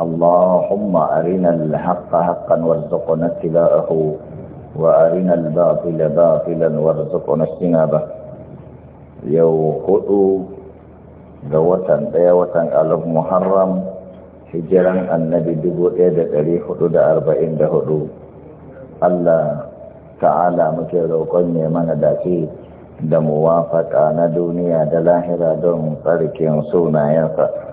اللهم أرنا الحق حقا وارزقنا اتباعه وأرنا الباطل باطلا وارزقنا اجتنابه yau huɗu ga watan daya watan alif muharram hijiran annabi dubu ɗaya da ɗari hudu da arba'in da hudu allah ta'ala muke roƙon ne mana dace da muwafaka na duniya da lahira don tsarkin sunayensa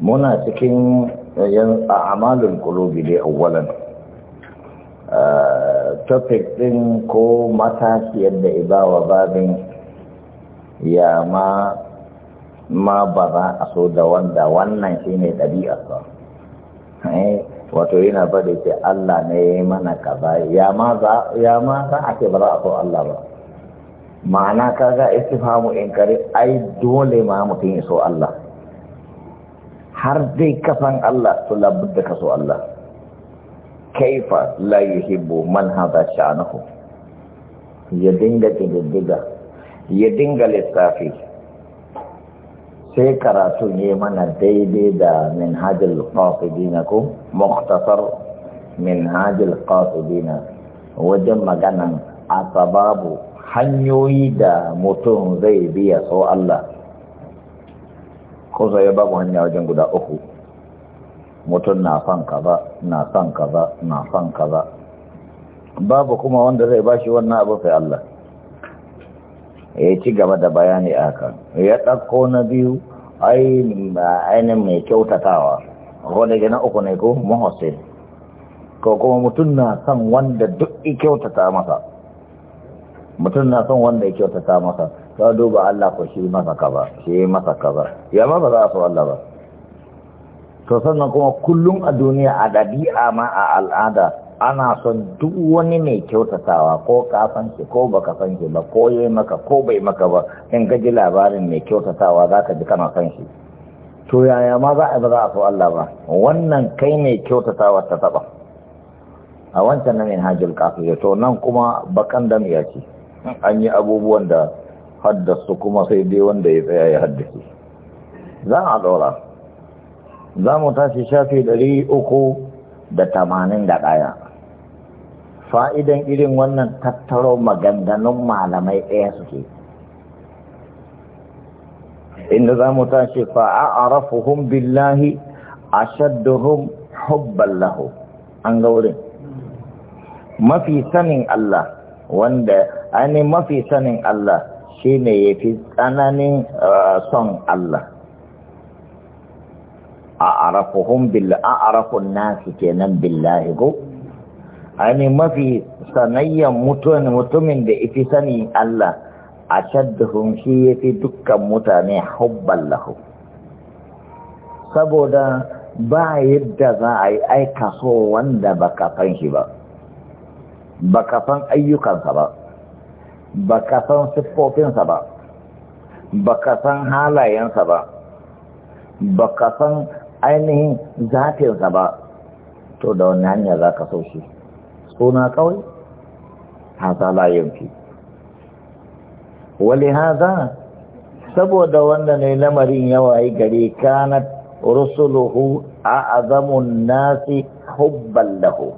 muna cikin eh, yan amalin qulubi dai awwalan eh, topic din ko mataki yadda ibawa babin ya ma ma ba za a so da wanda wannan shine ɗabi'ar ba eh, wato yana ba da ce Allah ne mana kaza ya ma za ya ma za a ce ba za a so Allah ba ma'ana kaga in kare ai dole ma mutum ya so Allah har dai kafan Allah to labudda ka so Allah kaifa la yuhibbu man hadha ya dinga kididdiga ya dinga lissafi sai karatu ne mana daidai da minhajul qasidina ko mukhtasar minhajul qasidina wajen maganan sababu hanyoyi da mutum zai biya so Allah ko ya ba mu hanya wajen guda uku mutum na son kaza na son kaza na son kaza babu kuma wanda zai bashi wannan abu sai Allah ya ci gaba da bayani aka. ya ɗauko na biyu ainihin mai kyautatawa Wani gina uku ne ko muhassin ko kuma mutum na son wanda duk i kyautata masa mutum na son wanda i kyautata masa ka duba Allah ko shi masa kaza shi masa kaza ya ma ba za a so Allah ba to sannan kuma kullum a duniya a ɗabi'a ma a al'ada ana son duk wani mai kyautatawa ko ka san shi ko baka san shi ba ko yayi maka ko bai maka ba in ga ji labarin mai kyautatawa zaka ji kana san shi to yaya ma za a ba za a so Allah ba wannan kai mai kyautatawa ta taba a wancan na min hajjul kafir to nan kuma bakan dam ya ce an yi abubuwan da haddasu kuma sai dai wanda ya tsaya ya haddasa. za a ɗora za mu tashi shafi ɗari uku da tamanin da ɗaya fa'idan irin wannan tattaro maganganun malamai ɗaya suke inda za mu tashi fa'a'arafuhun billahi a shadduhun hubban lahu an gaurin. mafi sanin Allah wanda ainihin mafi sanin Allah shi ne ya fi tsananin uh, son Allah a arafuhun billa a arafun nasu kenan billahi ko ainihin mafi sanayyan mutuwan mutumin da ifi sani Allah a shaddahun shi ya fi dukkan mutane hubban lahu saboda ba yadda za a yi aika so wanda baka san shi ba baka san ayyukansa ba ba ka san siffofinsa ba ba ka san halayensa ba ba ka san ainihin zafinsa ba to da wani hanya za ka so shi suna kawai haza la fi wali haza saboda wanda ne lamarin yawa yi gari kanat rusuluhu a azamun nasi hubban lahu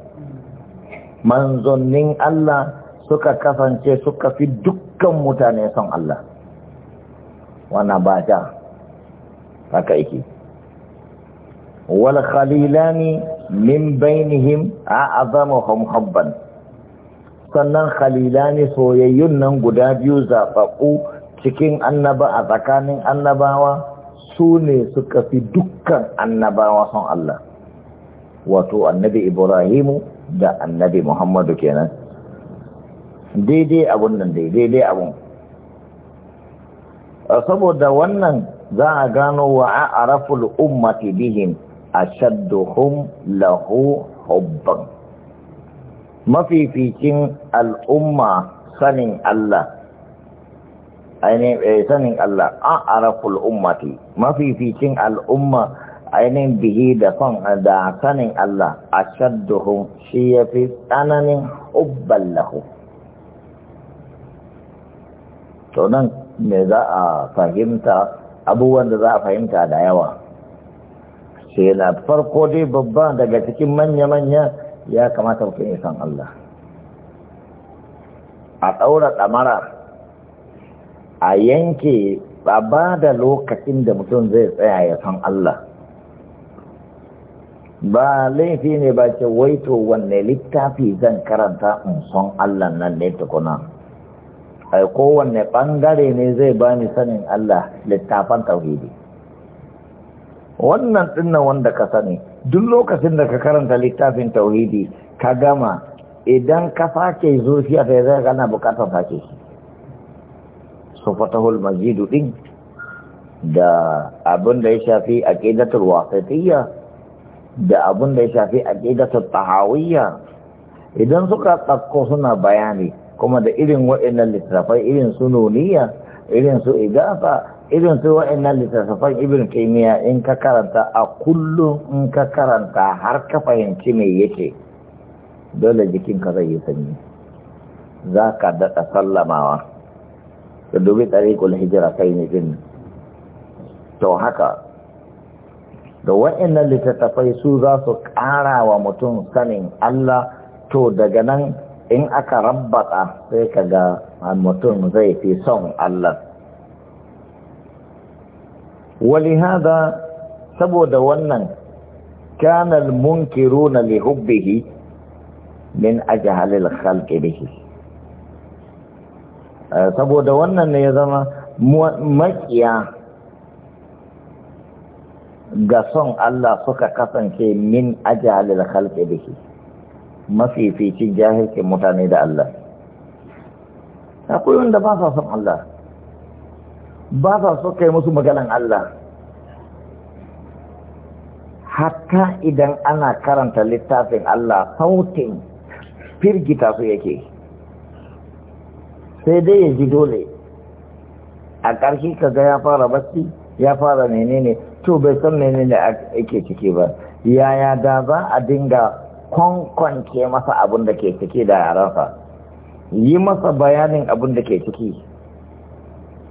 manzonin Allah suka kasance suka fi dukkan mutane son Allah wana ba ta haka yake wal min bainihim a'azamuhum hubban sannan khalilani soyayyun nan guda biyu zabaku cikin annaba a tsakanin annabawa su ne suka fi dukkan annabawa son Allah wato annabi Ibrahimu da annabi Muhammadu kenan daidai abun nan daidai abun saboda wannan za a gano wa araful ummati bihim ashadduhum lahu hubban mafificin al'umma sanin Allah ainihin eh, sanin Allah an araful ummati mafificin al'umma ainihin bihi da son da sanin Allah a ashadduhum shi ya fi tsananin hubban lahu to nan me za a fahimta abubuwan da za a fahimta da yawa sai na farko dai babba daga cikin manya-manya ya kamata mutum yi san Allah a ɗaura ɗamara a yanke ba da lokacin da mutum zai tsaya ya san Allah ba laifi ne ba ce waito wanne littafi zan karanta in son Allah nan ne tukuna ai kowanne ɓangare ne zai bani sanin Allah littafan tauhidi wannan dinnan wanda ka sani duk lokacin da ka karanta littafin tauhidi ka gama idan ka sake zuciya ta zai gana bukatar sake shi su fatahul majidu din da abin da ya shafi aqidatul wasatiyya da abin da ya shafi aqidatul tahawiyya idan suka tsakko suna bayani kuma da irin wa'annan littattafai irin su noniya irin su igafa irin su wa'annan littattafan ibn kimiyya, in ka karanta a kullum in ka karanta har ka fahimci me yake dole jikinka zai yi sanyi za ka daɗa sallamawa da dubi ɗariƙul hijira kai ne din to haka da wa'annan littattafai su zasu su ƙara wa mutum sanin Allah to daga nan in aka rabbata sai ka ga mutum zai fi son Allah wali hada saboda wannan kanal munkiruna li lihubbihi min ajhalil halke biki, eh, saboda wannan ne ya zama maƙiya ga son Allah suka kasance min ajalil halke biki. mafificin jahilcin mutane da Allah akwai wanda ba sa son Allah ba sa so kai musu maganan Allah hatta idan ana karanta littafin Allah sautin firgita su yake sai dai ya ji dole a ƙarshe kaga ya fara basti, ya fara menene to bai san menene ake ciki ba yaya da za a dinga Kwankwanke masa abin da ke ciki da yaransa yi masa bayanin abin da ke ciki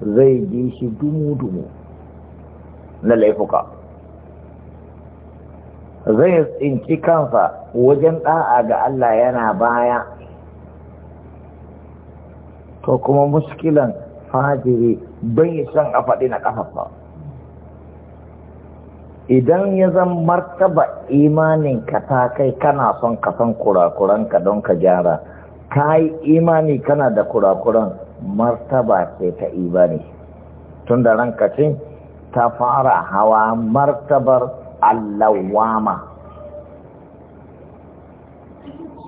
zai ji shi dumu-dumu na laifuka zai tsinci kansa wajen ɗa'a ga Allah yana baya to kuma muskilan fajiri bai san a faɗi na ƙafafa idan ya zan martaba imanin ka ta kai kana son ka san kurakuran ka don ka gyara ka yi imani kana da kurakuran martaba ce ta imani tun da ranka ce ta fara hawa martabar allawama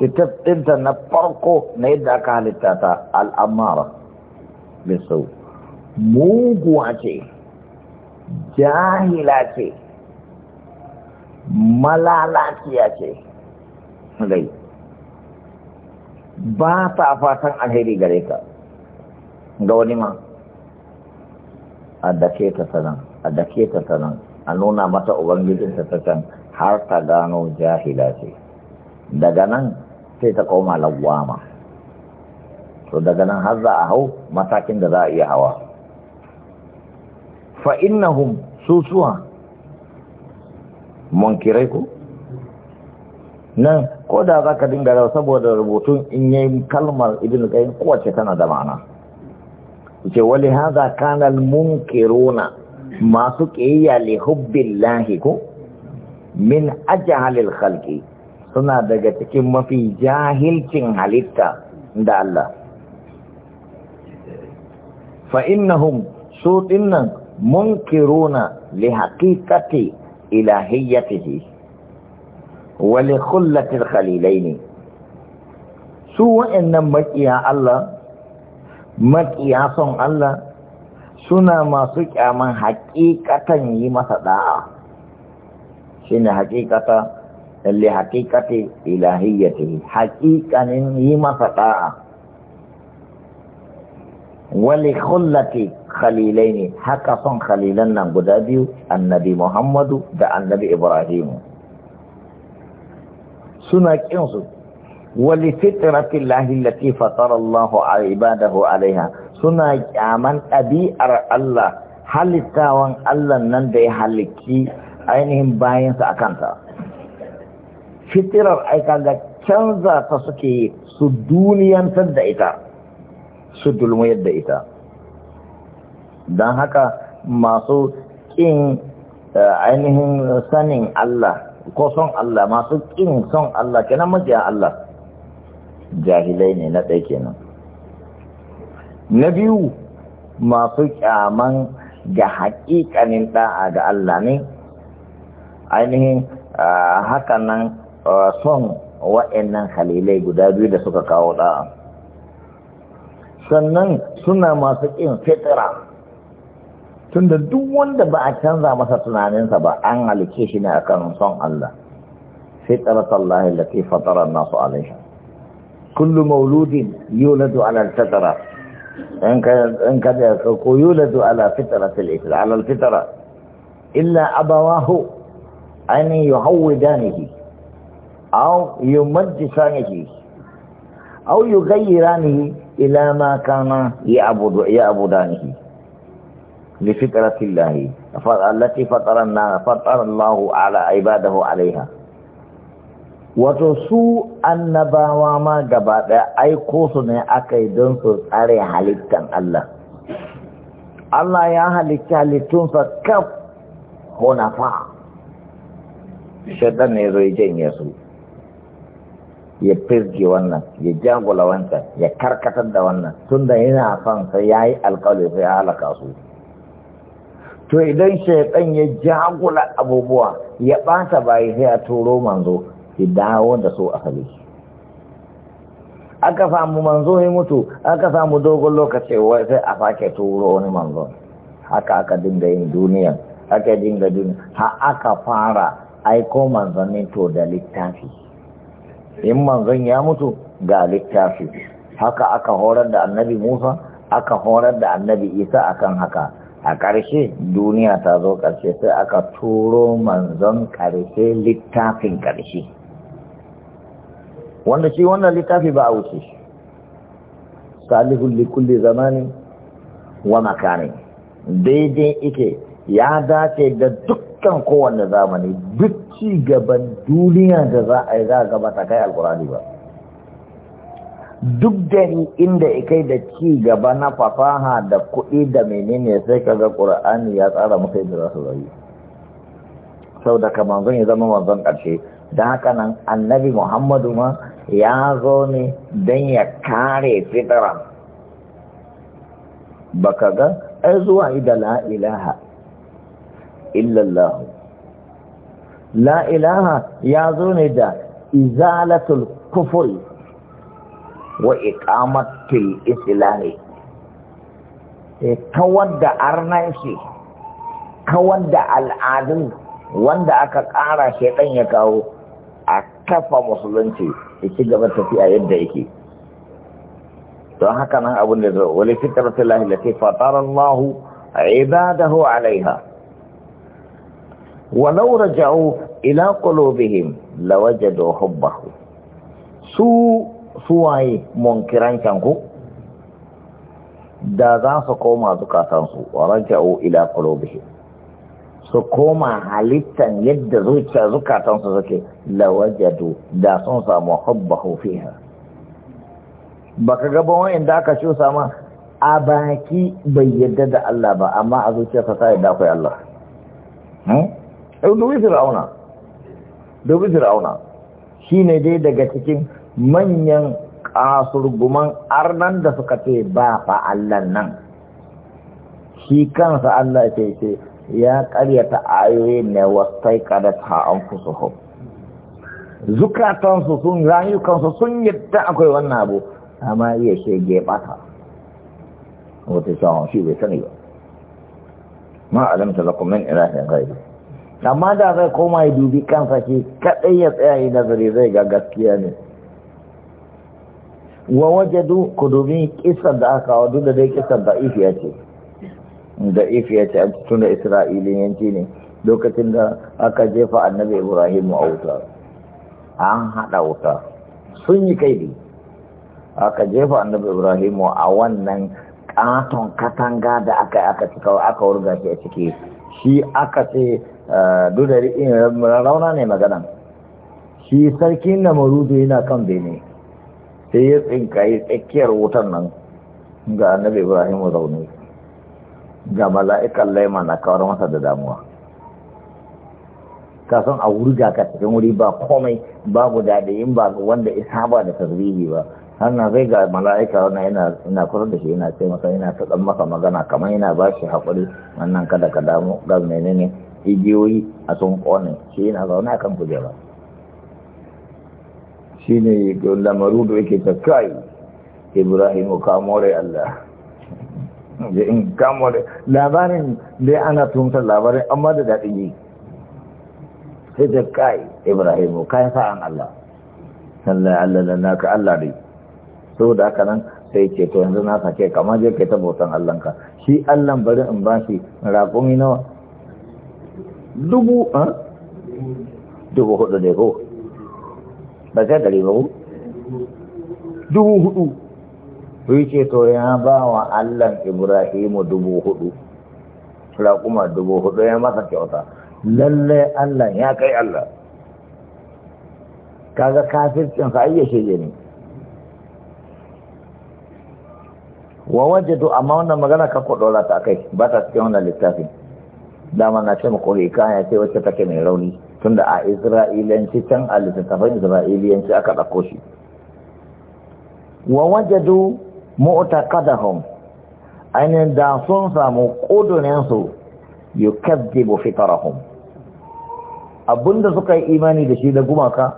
ita ɗinta na farko na yadda aka halitta ta al'amara bisau muguwa ce jahila ce malalaciya ce rai ba ta fatan alheri gare ka ga wani ma a dake ta sanan a dake ta sanan a nuna mata ubangijinta ta can har ta gano jahila ce daga nan sai ta koma lawama to daga nan har za a hau matakin da za a iya hawa fa innahum susuwa munkirai ko nan ko da za ka dinga rawa saboda rubutun in yi kalmar ibn kai kowace tana da ma'ana yace wali hadha kana al munkiruna masu qiyya li hubbillahi ko min ajhalil halki, suna daga cikin mafi jahilcin halitta da Allah fa innahum su dinnan munkiruna li haqiqati إلهيته ولخلة الخليلين سوى إن مكيا الله مكيا صن الله سنة ما سكى من حقيقة يمس داعا شنو حقيقة اللي حقيقة إلهيته حقيقة يمس داعا ولخلة khalilai ne haka son khalilan nan guda biyu annabi muhammadu da annabi ibrahimu suna ƙinsu wali fitratin lahillati fatarallahu a ibadahu alaiha suna ƙyaman ɗabi'ar Allah halittawan Allah nan da ya halicci ainihin bayansa a kanta fitirar aika ga canza ta suke su duniyantar da ita su dulmuyar da ita don haka masu ƙin eh, ainihin sanin Allah ko son Allah masu ƙin son Allah kenan majiya Allah jahilai ne na ɗaya kenan na biyu masu ƙyaman ga haƙiƙanin ɗa'a ga Allah ne ainihin eh, hakanan eh, son wa'annan halilai guda biyu da suka kawo ɗa'a sannan suna masu ƙin fitra tunda duk wanda ba a canza masa tunaninsa ba an halice shi ne akan son Allah fitrat Allah allati fatara an-nas alaiha Kullum mauludin yuladu ala fitara. in ka in ka da ko yuladu ala fitrat al-islam ala al Daniki, illa abawahu an yuhawidanihi aw yumajjisanihi aw yughayyiranihi ila ma kana ya abudu ya لفطرة الله التي فطر فطر الله على عباده عليها wato su annabawa ma gaba ɗaya aiko su ne aka yi don su tsare halittan Allah Allah ya halitta halittunsa kaf hunafa shaidan ne zai janye su ya firge wannan ya jagula wancan ya karkatar da wannan tunda yana son sai ya yi alkawali sai ya halaka su to idan shaitan ya jagula abubuwa ya ɓata bayi sai a turo manzo ya dawo da su asali aka samu manzo ya mutu aka samu dogon lokaci wai sai a fake turo wani manzo haka aka dinga yin duniya aka dinga duniya ha aka fara aiko manzannin to da littafi in manzon ya mutu ga littafi haka aka horar da annabi musa aka horar da annabi isa akan haka a ƙarshe duniya ta zo ƙarshe sai aka turo manzon ƙarshe littafin ƙarshe wanda shi wannan littafi ba a wuce salihun likulli zamanin wa makani daidai ike ya dace da dukkan kowanne zamani duk ci gaban duniya da za a yi za a gabata kai alkurani ba duk da ni inda ikai da ci gaba na fafaha da kuɗi da menene sai kaga ƙura'ani ya tsara musu yadda za su zai sau da ka manzon ya zama manzon ƙarshe da haka nan annabi muhammadu ma ya zo ne don ya kare fitara ba ka ga ai zuwa ida la'ilaha illallahu la'ilaha ya zo ne da izalatul kufuri wa iqamatil islami eh, kawar da shi, kawar da al'adun wanda aka ƙara shaidan ya kawo a kafa musulunci ya ci gaba tafiya yadda yake don haka nan abin da zo wale fitar tilahi lati fatarar lahu a ibadahu alaiha walau raja'u ila qulubihim lawajadu hubbahu su suwaye munkiran ku da za su koma zukatansu wa raja'u ila qulubihim su koma halittan yadda zuciya zukatansu suke lawajadu da sun samu hubbahu fiha baka ga ba da aka ciyo sama a baki bai yadda da Allah ba amma a zuciyarsa ta da kai Allah hmm? dubi fir'auna dubi fir'auna shine dai daga cikin manyan kasurguman arnan da suka ce ba fa Allah nan shi kansa Allah ce ce ya karyata ayoyi ne wasai kada ta an hau zukatansu sun rayukansu sun yadda akwai wannan abu amma iya shege bata wata shawon shi bai sani ba ma alamta lakum min ilahin ghaibi amma da zai koma ya dubi kansa shi kadai ya tsaya yi nazari zai ga gaskiya ne wa wajadu ku dubi kisar da aka wa duk da dai kisar da ifiya ce da ifiya ce a tun da isra'iliyanci ne lokacin da aka jefa annabi ibrahim a wuta an haɗa wuta sun yi kaidi aka jefa annabi ibrahim a wannan katon katanga da aka aka cika aka wurga shi a ciki shi aka ce eh, duk da eh, rauna ne maganan shi sarkin na marudu yana kan bene sai ya tsinkaye tsakiyar wutar nan ga annabi ibrahim zaune ga mala'ikan laima na kawar masa da damuwa kasan a wurga ka cikin wuri ba komai babu da in ba wanda isa ba da tarihi ba hannan zai ga mala'ika wannan yana kusa da shi yana ce masa yana ta dan masa magana kamar yana ba shi haƙuri wannan kada ka damu ga menene igiyoyi a sun ƙone shi yana zaune kan kujera shi ne lamaru da yake ta kai ibrahimu kamore Allah da in kamore labarin da ana tumta labarin amma da daɗi yi sai ta kai ibrahimu kayan sa'an Allah Sallai Allah da naka Allah so da haka nan sai ce to yanzu na sake kamar je kai ta bautan Allahnka shi Allah bari in ba shi raƙumi nawa dubu ah? dubu hudu da ko ba sai ɗari ba dubu hudu yi ce to ya ba wa allan ibrahimu dubu hudu raƙuma dubu hudu ya masa kyauta lallai allah ya kai allah kaga kafircinsa ayyashe ne wa wajadu amma wannan magana ka ko dora ta kai ba ta cikin wannan littafin dama na ce muku hikaya ce wacce take mai rauni tunda a isra'ilanci can a littattafan isra'iliyanci aka ɗauko shi wa wajadu mu'taqadahum ainihin da sun samu ƙudurinsu yukazzibu fitarahum abinda suka yi imani da shi da gumaka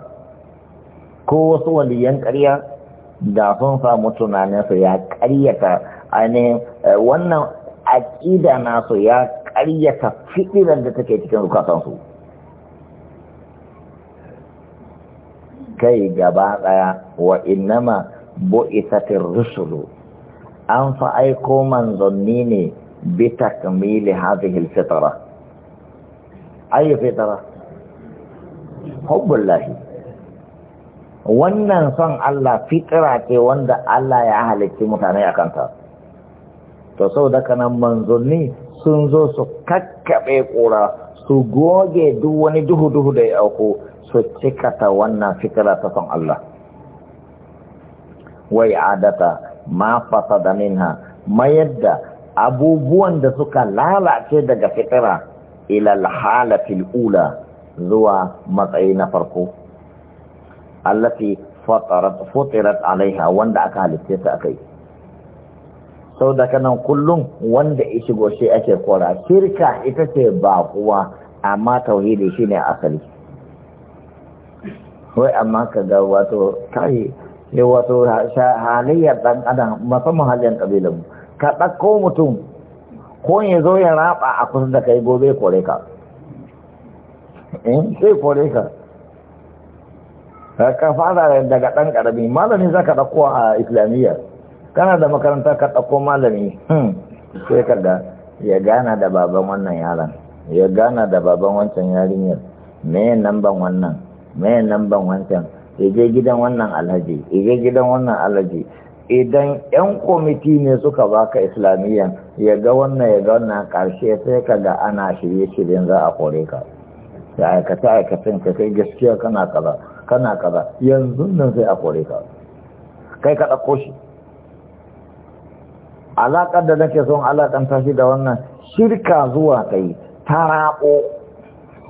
ko wasu waliyan ƙarya da sun samu tunaninsu ya ƙaryata ainihin eh, wannan aƙida nasu ya ƙaryata fiɗirar da take cikin su. kai gaba ɗaya wa innama bu'ithatir rusulu an fa aiko manzanni ne bi takmili hadhihi al-fitra ay fitra hubbullahi wannan son Allah fitra ce wanda Allah ya halicci mutane akan ta to saboda kanan manzanni sun zo su kakkabe kura su goge duk wani duhu duhu da ya auko su cikata wannan fikira ta son Allah wai adata ma fasada minha mayar da abubuwan da suka lalace daga fikira ilal halafin ula zuwa matsayi na farko allati futirat alaiha wanda aka halitta ta yi. sau da kanan kullum wanda ya shigo shi ake kora shirka ita ce ba kuwa amma tauhidi shine asali wai amma ka ga wato kai ya eh, wato halayyar dan adam musamman halin kabilan mu ka ɗakko mutum ko ya zo ya raba a kusa da kai gobe kore ka in eh, sai kore ka ka fara daga ɗan ƙarami malami za ka ɗakko a islamiyya kana da makaranta ka ɗakko malami hmm, sai ka ga ya gana da baban wannan yaran ya gana da baban wancan yarinyar me nan ban wannan mai lamban wancan je gidan wannan alhaji je gidan wannan alhaji idan yan kwamiti ne suka baka islamiyyan ya ga wannan ya ga wannan karshe sai ka ga ana shirye-shiryen za a kore ka da aikata aikacin ka kai gaskiya kana kaza kana kaza yanzu nan sai a kore ka kai ka ɗauko shi alaƙar da nake son alaƙanta shi da wannan shirka zuwa kai ta raƙo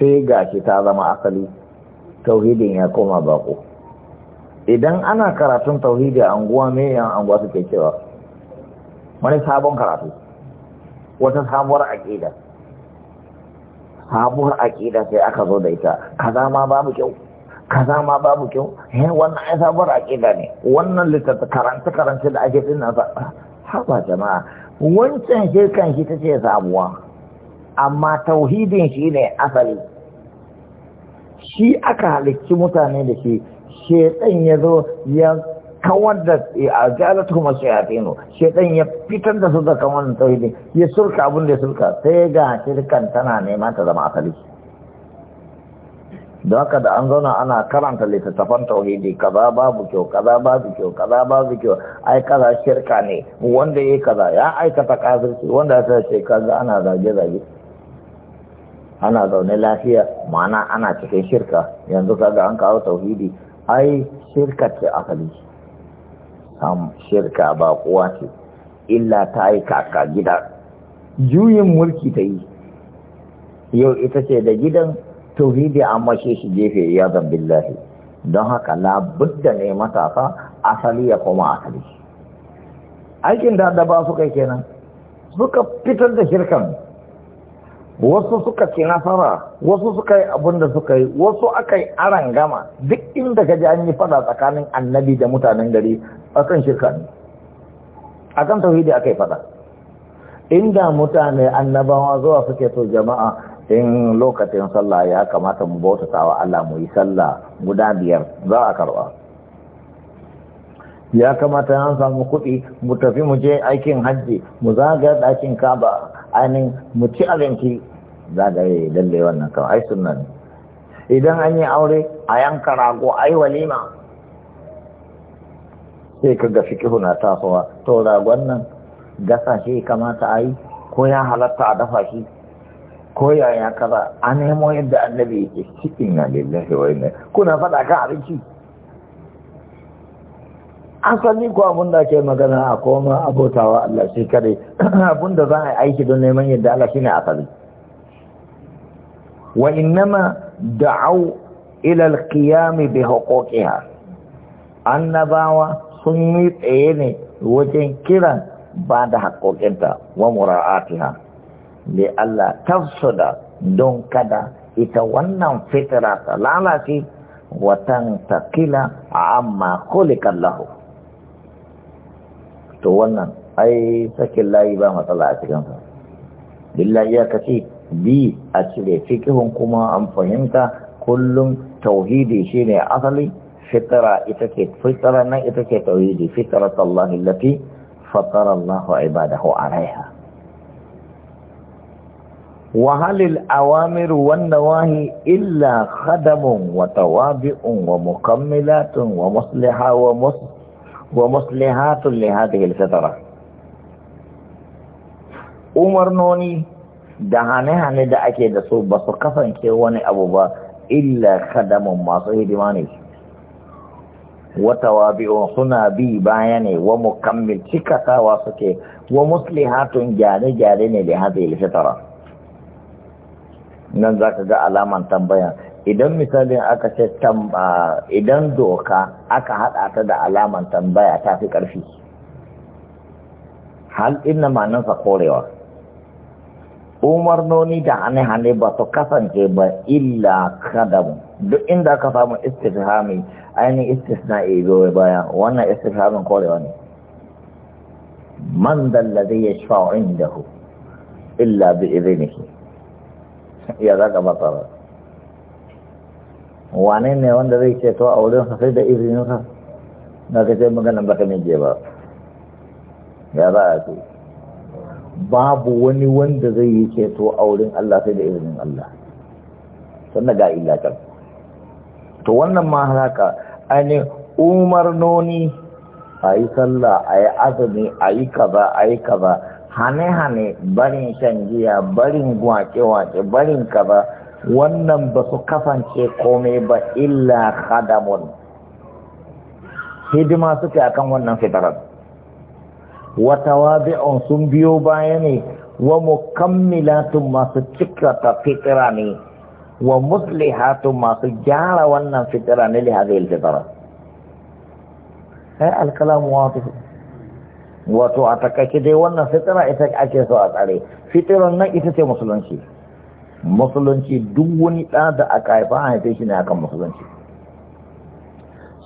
sai gashi ta zama asali tauhidin ya koma bako idan ana karatun tauhidi a anguwa me yan anguwa suke cewa wani sabon karatu wata sabuwar aƙida sabuwar aƙida sai aka zo da ita kaza ma babu kyau kaza ma babu kyau he wannan ai sabuwar aƙida ne wannan littattafan karanta karanta da ake dinnan sa haba jama'a wancan shirkan shi tace sabuwa amma tauhidin shi ne asali shi aka halicci mutane da shi shedan ya zo ya kawar da a jalatu kuma shayatinu shedan ya fitar da su da kamar tauhidi ya surka abin da ya surka sai ga shirkan tana nema ta zama asali da haka da an zauna ana karanta littattafan tauhidi kaza babu kyau kaza babu kyau kaza babu kyau ai kaza shirka ne wanda yayi kaza ya aikata kafirci wanda ya sa kaza ana zage zage ana zaune lafiya ma'ana ana cikin shirka yanzu kaga an kawo tauhidi ai shirka ce asali sam shirka ba kuwa ce illa ta yi kaka gida juyin mulki ta yi yau ita ce da gidan tauhidi an mashe shi gefe ya zambin lahi don haka labudda ne matasa asali ya koma asali aikin da da ba su kai kenan suka fitar da shirkan wasu suka ci nasara wasu suka yi abin da suka yi wasu aka yi aran gama duk inda ka ji an yi fada tsakanin annabi da mutanen gari akan shirka ne kan tauhidi aka yi fada inda mutane annabawa zuwa suke to jama'a in lokacin sallah ya kamata mu bautata wa Allah mu yi sallah guda biyar za a karba ya kamata an samu kuɗi mu tafi mu je aikin hajji mu zaga ɗakin kaba ainihin mu ci abinci Za yi lalle wannan kawai ai sunna ne idan an yi aure a yanka rago ai walima sai ka ga fikihu na tasowa to ragon nan gasa shi kamata a yi ko ya halatta a dafa shi ko ya ya kaza a nemo yadda annabi yake cikin na lillahi wa inna kuna faɗa kan abinci asali ko abin da ke magana a koma abotawa Allah shi kare abin da za a yi aiki don neman yadda Allah shine asali wa innama da'aw ila al-qiyam bi huquqiha annabawa sunni tayne wajen kiran ba da haƙoƙinta wa mura'atiha li Allah tafsuda don kada ita wannan fitra ta lalace wa tantaqila amma khuliqa lahu to wannan ai sakin layi ba matsala a cikin sa billahi ya kace bi a cire fikihun kuma an fahimta kullum tauhidi shine asali fitara ita ce fitara nan ita tauhidi fitara Allah lati fatara Allah ibadahu alaiha Wahalil halil awamir wan nawahi illa khadamun wa tawabi'un wa mukammilatun wa musliha wa mus wa muslihatun li hadhihi al umarnoni da hane-hane da ake da su ba su kasance wani abu ba illa kadamun masu hidima ne wata wabi'un suna bi baya ne wa mukammil cikatawa suke wa muslihatun gyare-gyare ne da hadhihi fitara nan ka ga alaman tambaya idan misalin aka ce idan doka aka hada ta da alaman tambaya ta fi karfi hal inna sa korewa Umar noni da hane-hane ba su kasance ba illa kadam duk inda ka samu istihami ainihin istisna zo baya wannan istihamin korewa ne man dallazi ya shafa hu? illa bi izinihi ya zaka matsara wane ne wanda zai ce to a wurin sa sai da izininsa na ka ce maganin baka mije ba ya za a ce babu wani wanda zai yi ceto a wurin Allah sai da izinin Allah sannan ga to wannan ma haka ainihin umarnoni a yi sallah a yi azumi a yi kaza a yi kaza hane-hane barin shan giya barin gwake-wake barin kaza wannan ba su kasance komai ba illa hadamun hidima suke akan wannan fitarar wata tawabi'un sun biyo baya ne wa mukammilatun masu cikata fitira ne wa muslihatun masu gyara wannan fitira ne li hadhihi al-fitra ai eh, al-kalam wato a takaice dai wannan fitira ita ake so a tsare fitiran nan ita ce musulunci musulunci duk wani ɗa da aka haifa a haife shi ne akan musulunci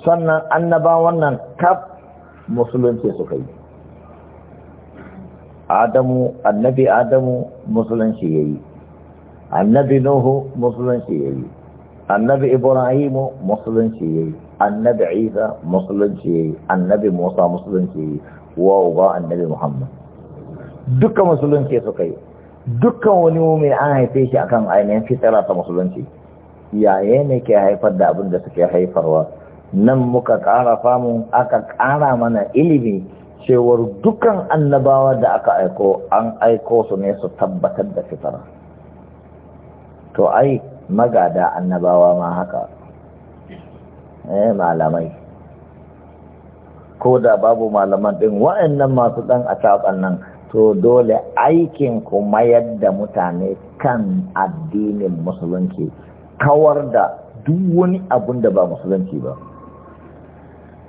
sannan annaba wannan kaf musulunci suka yi adamu annabi adamu musulunci yayi annabi nuhu musulunci yayi annabi ibrahimu musulunci yayi annabi isa musulunci yayi annabi musa musulunci yayi wa uba annabi muhammad duka musulunci suka yi dukkan wani mai an haife shi akan ainihin fitara ta musulunci yaye ne ke haifar da abin da suke haifarwa nan muka kara famu aka kara mana ilimi cewar dukan annabawa da aka aiko an aiko su ne su tabbatar da fitara to ai magada annabawa ma haka eh malamai ko da babu malaman din wa'annan masu dan atakan nan to dole aikin ku mayar da mutane kan addinin musulunci kawar da duk wani abun da ba musulunci ba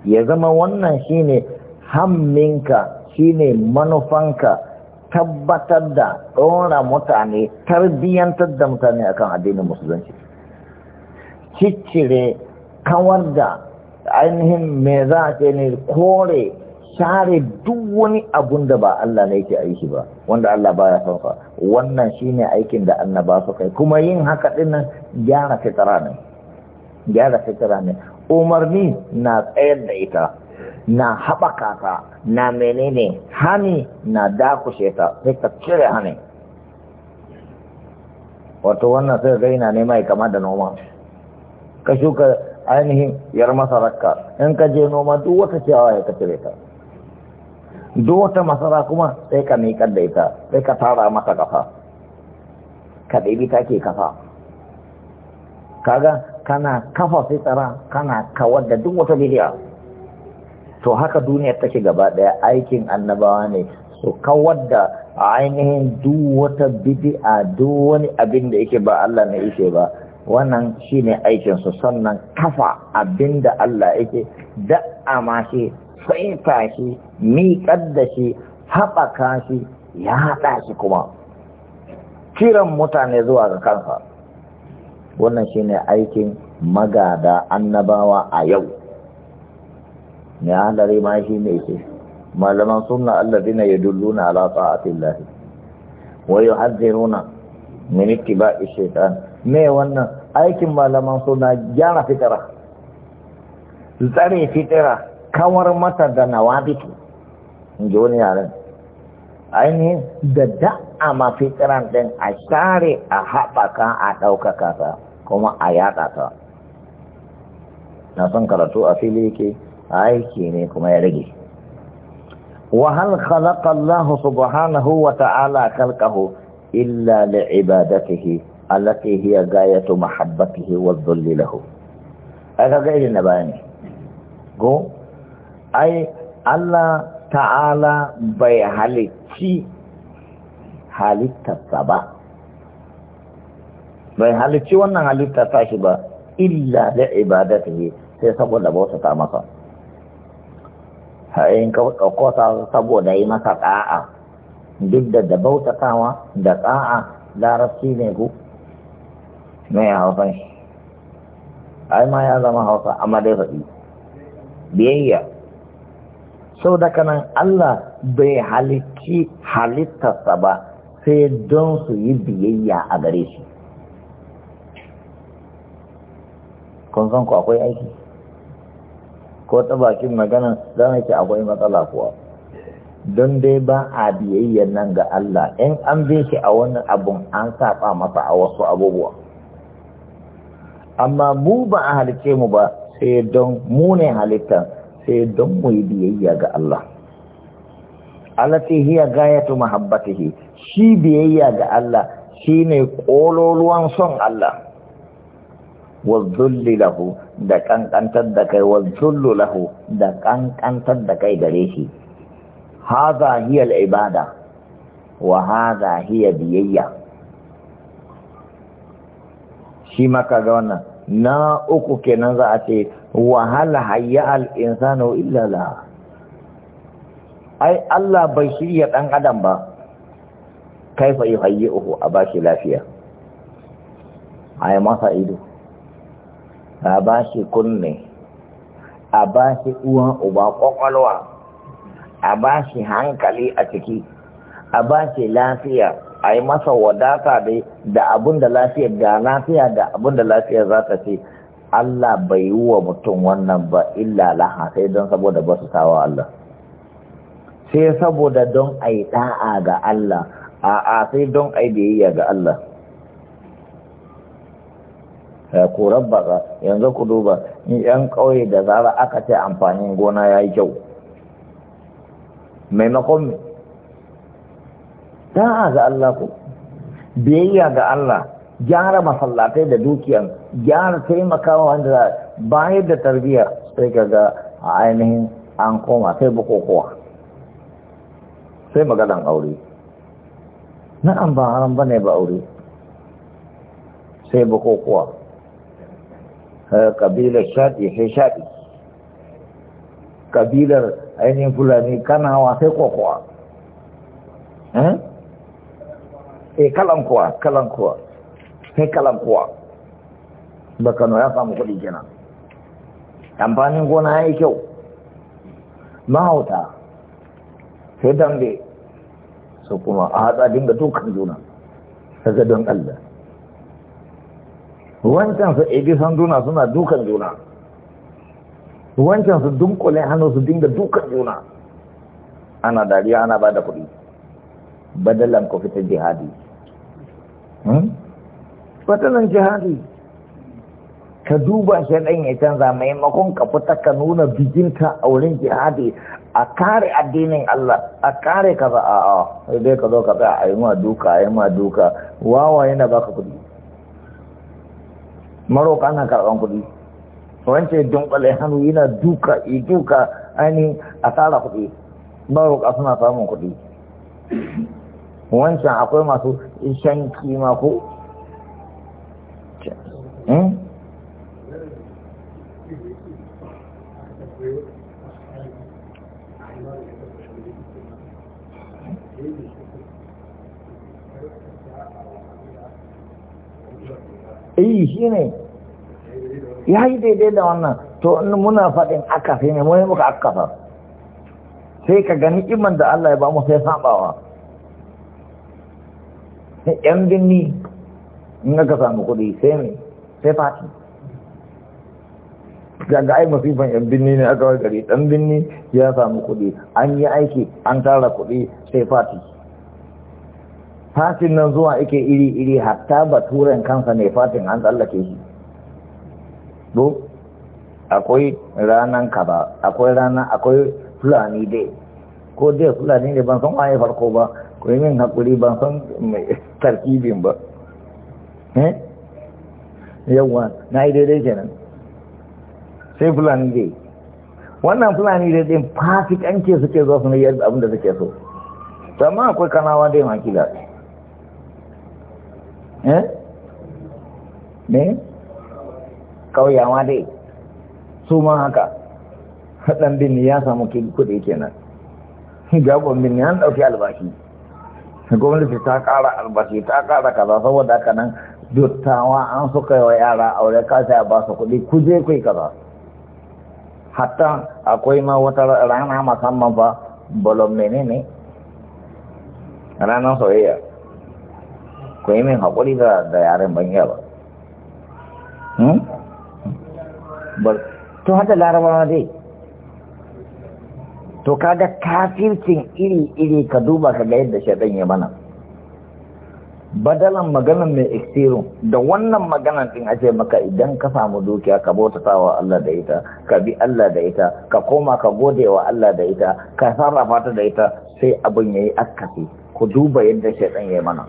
ya zama wannan shine hamminka shine manufanka tabbatar da ɗora mutane tarbiyyantar da mutane akan addinin musulunci ciccire kawar da ainihin me za a ce ne kore share duk wani abun da ba Allah ne yake aiki ba wanda Allah ba ya sauka wannan shine aikin da annaba su kai kuma yin haka din nan gyara fitara ne gyara fitara ne umarni na tsayar da ita na haɓaka ta na menene hani na dakushe ta sai ka cire hani wato wannan sai ga yana nema kama da noma ka shuka ainihin yar masararka in ka je noma duk wata ciyawa ya ka cire ta duk wata masara kuma sai ka miƙar da ita sai ka tara masa kafa ka ɗabi ke kafa kaga kana kafa fitara kana kawar da duk wata bidiyar to haka duniya take gaba daya aikin annabawa ne su kawar da ainihin duk wata bid'a duk wani abin da yake ba Allah ne yake ba wannan shine aikin su sannan kafa abin da Allah yake da amashi shi saita shi miƙar da shi haɓaka shi ya haɗa shi kuma kiran mutane zuwa ga kansa wannan shine aikin magada annabawa a yau mai hadari ma shi ne ce malaman sunna alladina a ala ta'atillahi wa ba min ishe shaytan me wannan aikin malaman sunna gyara fitara tsare fitara kawar mata da nawabitu in ji wani yaren ainihin da da'a ma fitaran din a share a haɓaka a ɗaukaka ta kuma a yaɗa ta na son karatu a fili yake aiki ne kuma ya rage wa wahal khalaqa Allah subhanahu wa ta'ala khalqahu illa li ibadatihi allati hiya ghayatu mahabbatihi wa dhulli lahu aka ga irin bayani go ai Allah ta'ala bai halicci halitta ba bai halicci wannan halitta ta shi ba illa li ibadatihi sai saboda ta masa in ka kosa saboda yi masa ɗa'a duk da da bautatawa da ƙa'a larabci ne ku mai hausan shi ai ma ya zama hausa amma dai faɗi biyayya sau da kanan Allah bai halicci halittarsa ba sai don su yi biyayya a gare shi kun san ku akwai aiki ko ta bakin magana zama ke akwai matsala kuwa don dai ba a biyayya nan ga Allah in an bi shi a wannan abun an saba masa a wasu abubuwa amma mu ba a halice mu ba sai don mu ne halittar sai don mu yi biyayya ga Allah alati hiya gayatu mahabbatihi shi biyayya ga Allah shine kololuwan son Allah والذل lahu da كان da kai كي lahu da دا da kai دا كي دريشي هذا هي العبادة وهذا هي shi maka ga wannan na uku kenan za a ce wahala hayya al'insano illala ai Allah bai shirya ɗan adam ba kaifa yi uku a bashi lafiya a masa ido a ba shi kunne a ba shi uwan uba kwakwalwa a ba shi hankali a ciki a ba shi lafiya a yi masa wadata da abin da lafiya Da lafiya da abin da lafiya za ta ce Allah bai yi wa mutum wannan ba illa laha sai don saboda ba su tawa Allah sai saboda don a yi ɗa'a ga Allah Aa a sai don a yi biyayya ga Allah Eh, ku rabba yanzu ku duba yan ƙauye da zara aka ce amfanin gona ya yi kyau maimakon mai ta'a ga Allah ku biyayya ga Allah gyara masallatai da dukiyan gyara taimakawa wanda bayar da tarbiyya sai ka ga a ainihin an koma sai bukukuwa sai maganan aure na'am ba haram ba ne ba aure sai bukukuwa kabilar shaɗi sai shaɗi kabilar ainihin fulani kanawa sai kwakwa e kalankuwa kalankuwa sai kalankuwa ba kano ya samu kudi gina amfanin gona ya yi kyau mahauta sai dambe su kuma a hatsa dinga dukan juna daga don allah wancan su ebi juna suna dukan juna wancan su dunkule hannu su dinga dukan juna ana dariya ana ba da kuɗi badalan ku fitar jihadi hmm? badalan jihadi ka duba shi ɗan ya canza maimakon ka fita ka nuna bijinta a wurin jihadi a kare addinin Allah a kare ka za a a dai ka zo ka za a yi ma duka a yi ma duka wawa yana baka kuɗi maroka na karɓar kuɗi wancan wance dunkule hannu yana duka duka ainihin a tsara kuɗi maroka suna samun kuɗi wancan akwai masu shanki kima ko hmm? eh shi ne ya yi daidai da wannan to in muna faɗin sai ne ka aka fa sai ka gani iman da Allah ya ba mu sai sabawa yan binni in ka samu kuɗi sai ne sai fati Ga ga ai masifan yan binni ne aka wa gari dan binni ya samu kuɗi an yi aiki an tara kuɗi sai fati fatin nan zuwa ike iri-iri hatta baturen kansa ne fatin an tsallake shi do akwai ranar kaba akwai ranar akwai fulani dai ko dai fulani ne ban san waye farko ba ko yi min haƙuri ban san mai tarkibin ba eh? yawwa na yi daidai kenan sai fulani dai wannan fulani dai din fasikanci suke zo su ne yadda abin da suke so amma akwai kanawa dai makila eh ne kauyawa dai su ma haka haɗan bin ya samu kuɗi kenan gagon bin ya ɗauki albashi gwamnati ta ƙara albashi ta kara kaza saboda haka nan dottawa an suka yi wa yara aure kasa ya ba su kuɗi kuje kai kaza hatta akwai ma wata rana musamman ba bolon menene ranar soyayya akwai min haƙuri da da yaren banya hmm? ba to hada larabawa dai to kaga kafircin iri-iri ka duba ka ga yadda shaɗan ya mana badalan maganan mai iksirin da wannan maganan ɗin a ce maka idan ka samu dukiya ka bautata wa Allah da ita ka bi Allah da ita ka koma ka gode wa Allah da ita ka sarrafa ta da ita sai abin ya yi akasi ku duba yadda shaɗan ya mana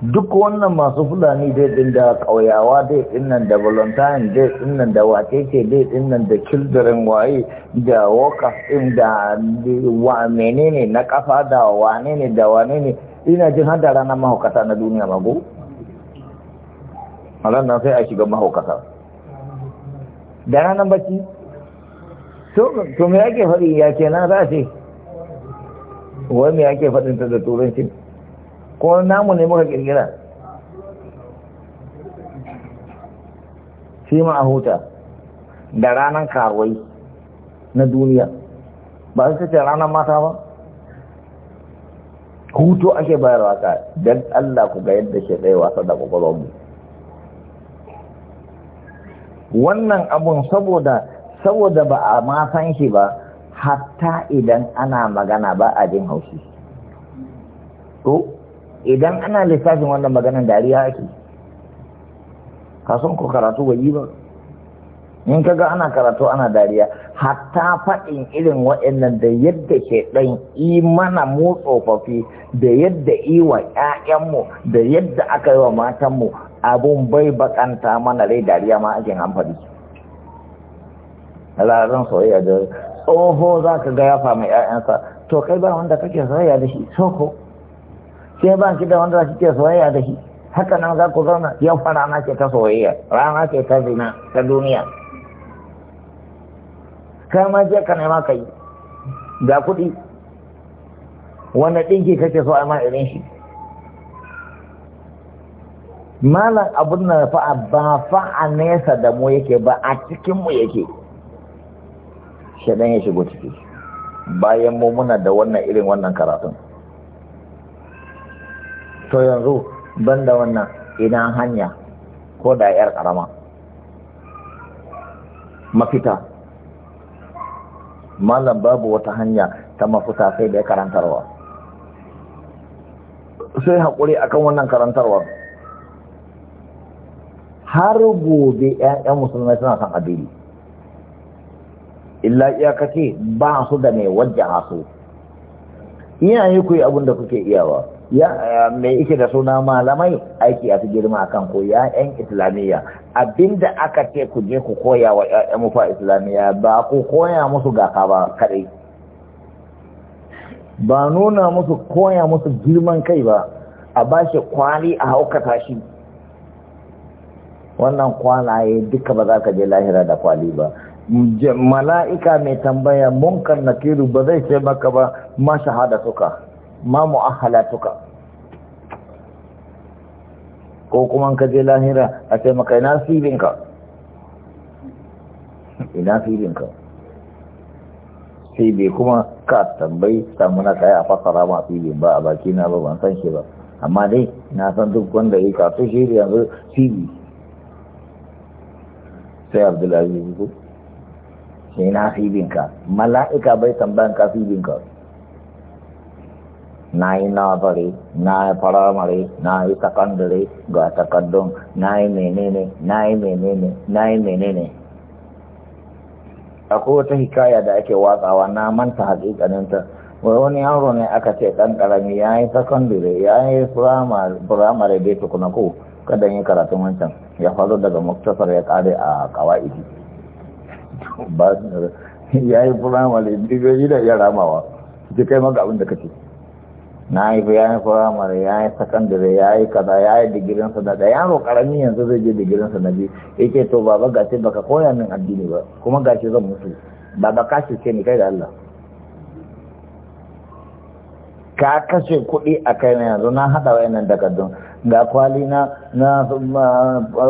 duk wannan masu fulani dai din da ƙauyawa dai din nan da volunteer dai din nan da ce dai din nan da children waye da workers din da wa menene na kafa da wane ne da wane ne ina jin har da ranar mahaukata na duniya mago a ranar sai a shiga mahaukata da ranar bacci to me yake faɗi ya ke nan za a ce wai me yake faɗin ta da turanci ko namu ne muka kirkira shi ma a huta da ranar karuwai na duniya ba su ce ranar mata ba hutu ake bayarwa ka don Allah ku ga yadda ke tsaye wasa da mu. wannan abun saboda saboda ba a ma san shi ba hatta idan ana magana ba a jin haushi idan ana lissafin wannan maganan dariya ake kasan ku karatu bai ba in kaga ana karatu ana dariya hatta faɗin irin waɗannan da yadda ke ɗan imana mu tsofaffi da yadda iwa ƴaƴanmu da yadda aka yi wa matanmu abun bai bakanta mana rai dariya ma ake amfani ranar soyayya da tsoho za ka ga ya fama ƴaƴansa to kai ba wanda kake soyayya da shi soko sai ba shi da wanda shi ke soyayya da shi haka nan za ku zauna yau fa rana ce ta soyayya rana ce ta zina ta duniya kai ma je ka nema ka yi ga kuɗi wanda ɗinki kake so a ma irin shi malam abun na fa'a ba fa'a nesa da mu yake ba a cikin mu yake shaɗan ya shigo ciki bayan mu da wannan irin wannan karatun to yanzu banda wannan ina hanya ko da yar karama mafita malam babu wata hanya ta mafita sai da karantarwa sai haƙuri akan wannan karantarwa har gobe 'ya'yan musulmai suna son adili illa iyakace ba su da mai wajen su iyaye ku yi abin da kuke iyawa ya mai yake da suna malamai aiki a fi girma a kan ya ya'yan islamiyya abinda aka ce ku je ku koya wa ya'yan mufa islamiyya ba ku koya musu gaka ba kadai ba nuna musu koya musu girman kai ba a ba shi kwali a haukata shi wannan kwalaye duka ba za ka je lahira da kwali ba mala'ika mai tambaya munkar nakiru ba zai ce maka ba ma shahada suka ma mu'ahalatuka ko kuma ka je lahira a ce maka ina filinka ina filinka sai bai kuma ka tambayi samuna na kai a fasara ma filin ba a baki na ba ban san shi ba amma dai na san duk wanda ya kasu shi yanzu fili sai abdulaziz ko shi na filinka mala'ika bai tambayan ka filinka na yi nazari na yi firamare na yi sakandare ga takardun na yi menene na yi menene na yi menene akwai wata hikaya da ake watsawa na manta hakikaninta wai wani yaro ne aka ce ɗan ƙarami ya yi sakandare ya yi firamare bai tukuna ko kada yi karatun wancan ya faru daga muktasar ya ƙare a kawa'idi ya yi firamare duk da iya ramawa ji kai maka abin da kace na haifu ya yi firamare ya yi sakandare ya yi kaza ya yi digirinsa da ɗaya yaro ƙarami yanzu zai je digirinsa na biyu ke to baba gashi baka koya min addini ba kuma gashi zan mutu baba ka ce ni kai da Allah ka kashe kuɗi a kai na yanzu na haɗa daga don ga kwali na na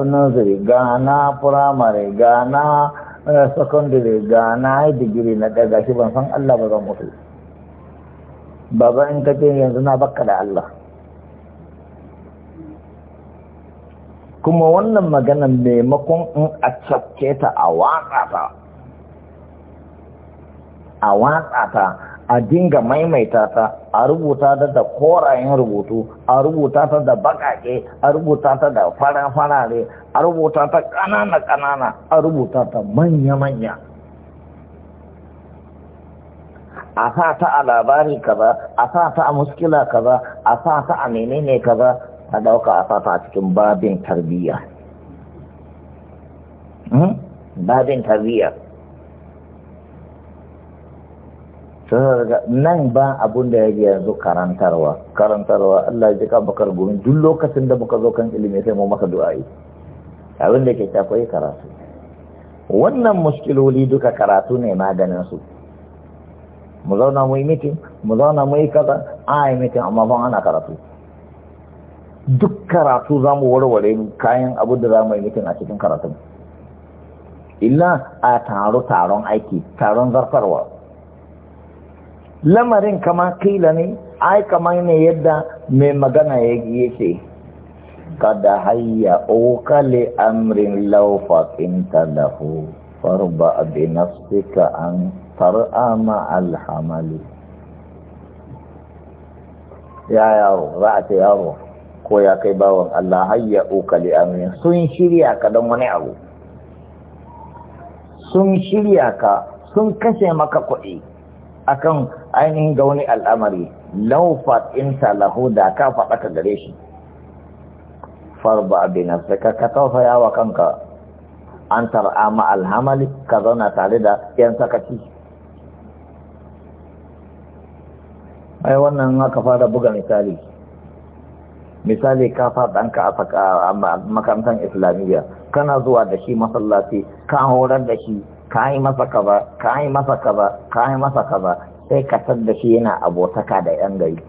nursery ga na firamare ga na eh, sakandare ga na digiri na ɗaya gashi ban san Allah ba zan mutu baba in ka ce yanzu na baka da Allah kuma wannan maganan maimakon in a cafke ta a watsa ta a watsa ta a dinga maimaita ta a rubuta ta da korayen rubutu a rubuta ta da bakake a rubuta ta da fara-farare a rubuta ta ƙanana-ƙanana a rubuta ta manya-manya a sa ta a labari kaza a sa ta a muskila kaza a sa ta a menene kaza a dauka a sa ta a cikin babin tarbiyya hmm? babin tarbiyya nan ba abun da yake yanzu karantarwa karantarwa Allah ji kan bakar gumi duk lokacin da muka zo kan ilimi sai mu maka du'a'i abin da ke ta karatu wannan muskiloli duka karatu ne maganin su mu zauna mu yi mitin mu zauna mu yi kaza a yi mitin amma ban ana karatu duk karatu za mu warware kayan abu da za mu yi mitin a cikin karatu. illa a taro taron aiki taron zartarwa lamarin kama kila ne ai kamar ne yadda mai magana ya ce kada hayya okale amrin laufa ta talahu farba abinastika an far'a ma alhamali. ya yaro za a ce yaro ko ya kai bawan Allah hayya ukali amin sun shirya ka don wani abu sun shirya ka sun kashe maka kuɗi akan ainihin ga wani al'amari laufat in lahu da ka faɗa ka gare shi farba bi nafsika ka tausaya wa kanka an tar'a alhamali ka zauna tare da yan sakaci ai wannan aka fara buga misali misali ka danka a makarantar islamiyya kana zuwa da shi masallaci ka horar da shi ka yi masa kaza ka yi masa kaza ka yi masa kaza sai ka san da shi yana abotaka da yan gari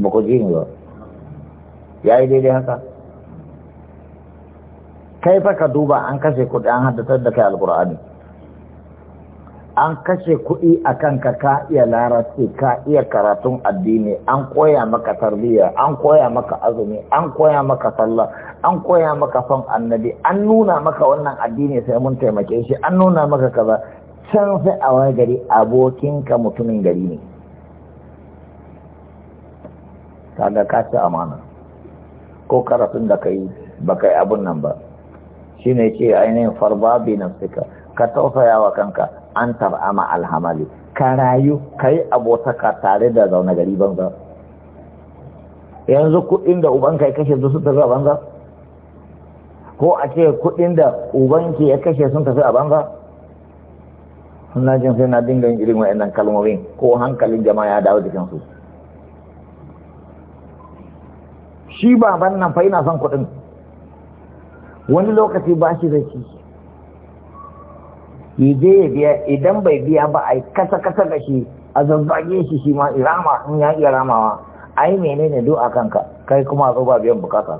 ba ku ji ba ya yi daidai haka kai fa ka duba an kashe kuɗi an haddatar da kai alkur'ani an kashe kuɗi a kanka ka iya larabci ka iya karatun addini an koya maka tarbiyya an koya maka azumi an koya maka sallah an koya maka son annabi an nuna maka wannan addini sai mun taimake shi an nuna maka kaza can sai a wani gari abokinka mutumin gari ne kaga ka ci amana ko karatun da ka yi ba ka abun nan ba shine ce ainihin farba bi nafsika ka tausaya wa kanka an tar'ama alhamali ka rayu ka yi abotaka tare da zaune gari banza yanzu kudin da ubanka ya kashe su tafi a banza ko a ce kudin da ubanki ya kashe sun tafi a banza suna jin sai na dinga yin irin wa'annan kalmomin ko hankalin jama'a ya dawo jikinsu shi ban nan fa ina son kuɗin wani lokaci ba shi da shi ya ya biya idan bai biya ba a yi kasa kasa ga shi a zazzage shi shi ma irama in ya iya ramawa a yi menene do a kanka kai kuma zo ba biyan bukata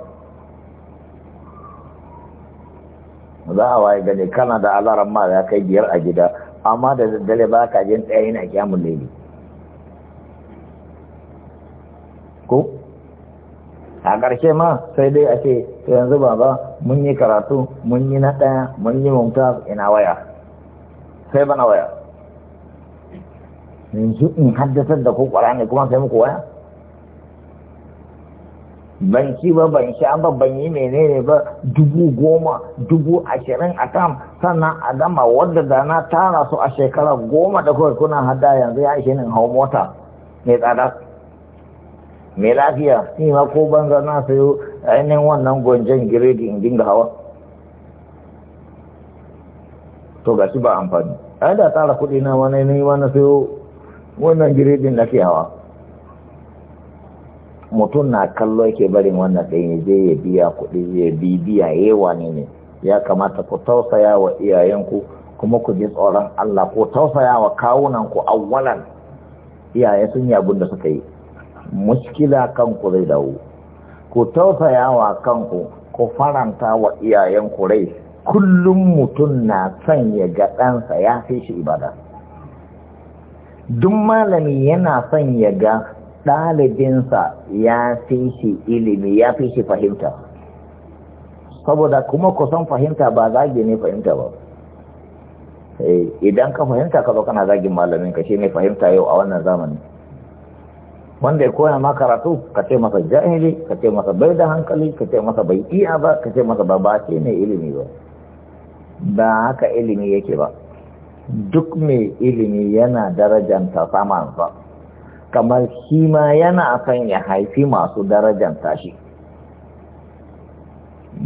za a waye gane kana da alaran ma ya kai biyar a gida amma da daddare ba ka jin tsaye yana kyamun lele ko a ƙarshe ma sai dai a ce yanzu ba mun yi karatu mun yi na ɗaya mun yi mumta ina waya sai bana waya yanzu in haddasar da ku ƙwararri kuma sai muku waya ban ci ba ban sha ba ban yi menene ba dubu goma dubu ashirin a kam sannan a dama wadda da na tara su a shekara goma da kawai kuna hada yanzu ya ishe nin hau mota mai tsada mai lafiya ni ma ko banza na sayo ainihin wannan gwanjan giredi in dinga hawa to gashi ba amfani ai da tara kuɗi na wani ne wani sayo wannan giredin da ke hawa mutum na kallo yake barin wannan ɗin ya je ya biya kuɗi ya bibiya ya wane ne ya kamata ku tausaya wa iyayenku kuma ku ji tsoron Allah ku tausaya wa kawunanku awwalan iyaye sun yi abin da suka yi muskila kanku zai dawo ku tausaya wa kanku ku faranta wa iyayenku rai kullum mutum na son ya ga ɗansa ya fi shi ibada duk malami yana son ya ga ɗalibinsa ya fi shi ilimi ya fi shi fahimta saboda kuma kusan fahimta ba zagi ne fahimta ba eh, idan ka fahimta ka zo kana zagin malamin ka ne fahimta yau a wannan zamani wanda ya koya ma karatu ka ce masa jahili ka ce masa bai da hankali ka ce masa bai iya ba ka ce masa ba ba ce ne ilimi ba ba haka ilimi yake ba duk mai ilimi yana darajanta samansa kamar shi ma yana kan ya haifi masu darajanta tashi.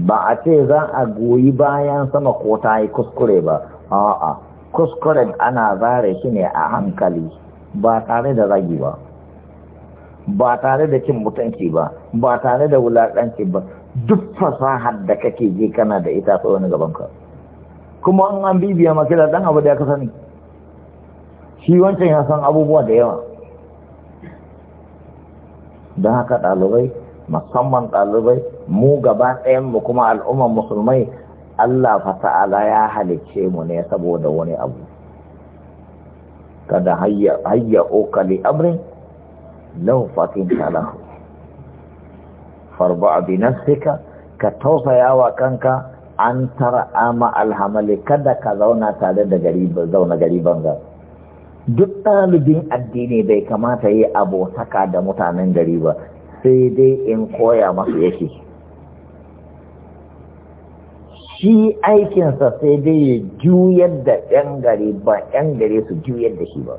ba a ce za a goyi bayan sama ko ta yi kuskure ba a'a kuskure ana zare shi ne a hankali ba tare da zagi ba ba tare da cin mutunci ba ba tare da wulaƙanci ba duk fasahar da kake je kana da ita wani gabanka. kuma an an bibiya maka da dan abu da ya ka sani shi wancan ya san abubuwa da yawa don haka ɗalibai musamman ɗalibai mu gaba mu kuma al'ummar musulmai Allah fa ta'ala ya halicce mu ne saboda wani abu kada hayya okali law fatin talahu farba bi nafsika ka tausaya wa kanka an tara ama alhamali kada ka zauna tare da gari zauna gari banga' duk ɗalibin addini bai kamata yi abotaka da mutanen gari ba sai dai in koya masu yake shi aikinsa sai dai ya juyar da ɗan gari ba 'yan gari su juyar da shi ba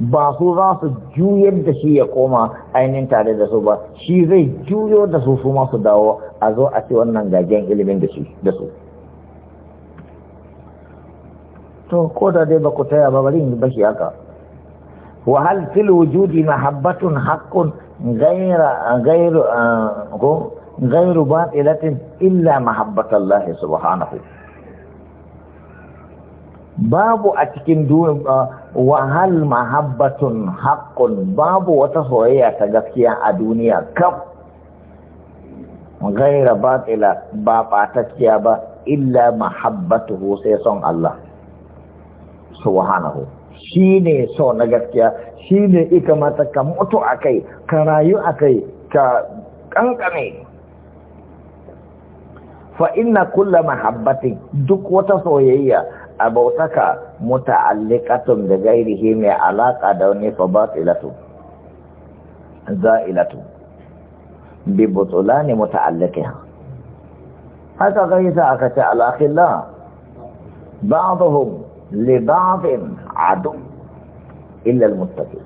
ba su za su juyar da shi ya koma ainihin tare da su ba shi zai juyo da su su masu dawo a zo a ce wannan gajen ilimin da shi da su to ko da dai ba ku taya ba bari ba shi haka wa hal fil wujudi mahabbatun haqqun ghayra ghayru ah, ghayru ba'ilatin illa mahabbatallahi subhanahu babu a cikin uh, wahal mahabbatun haƙƙun babu wata soyayya ta gaskiya a duniya kaf gaira batila ba ɓatacciya ba illa mahabbatuhu sai son Allah subhanahu shi ne so na gaskiya shi ne ika mata ka mutu a kai ka rayu a kai ka ƙanƙame fa inna kulla mahabbatin duk wata soyayya abautaka muta'alliqatun da gairihi mai alaka da wani fa batilatu za'ilatu bi butulani muta'alliqiha haka gaisa aka ce al-akhilla ba'dhum li ba'dhin adu illa al-muttaqin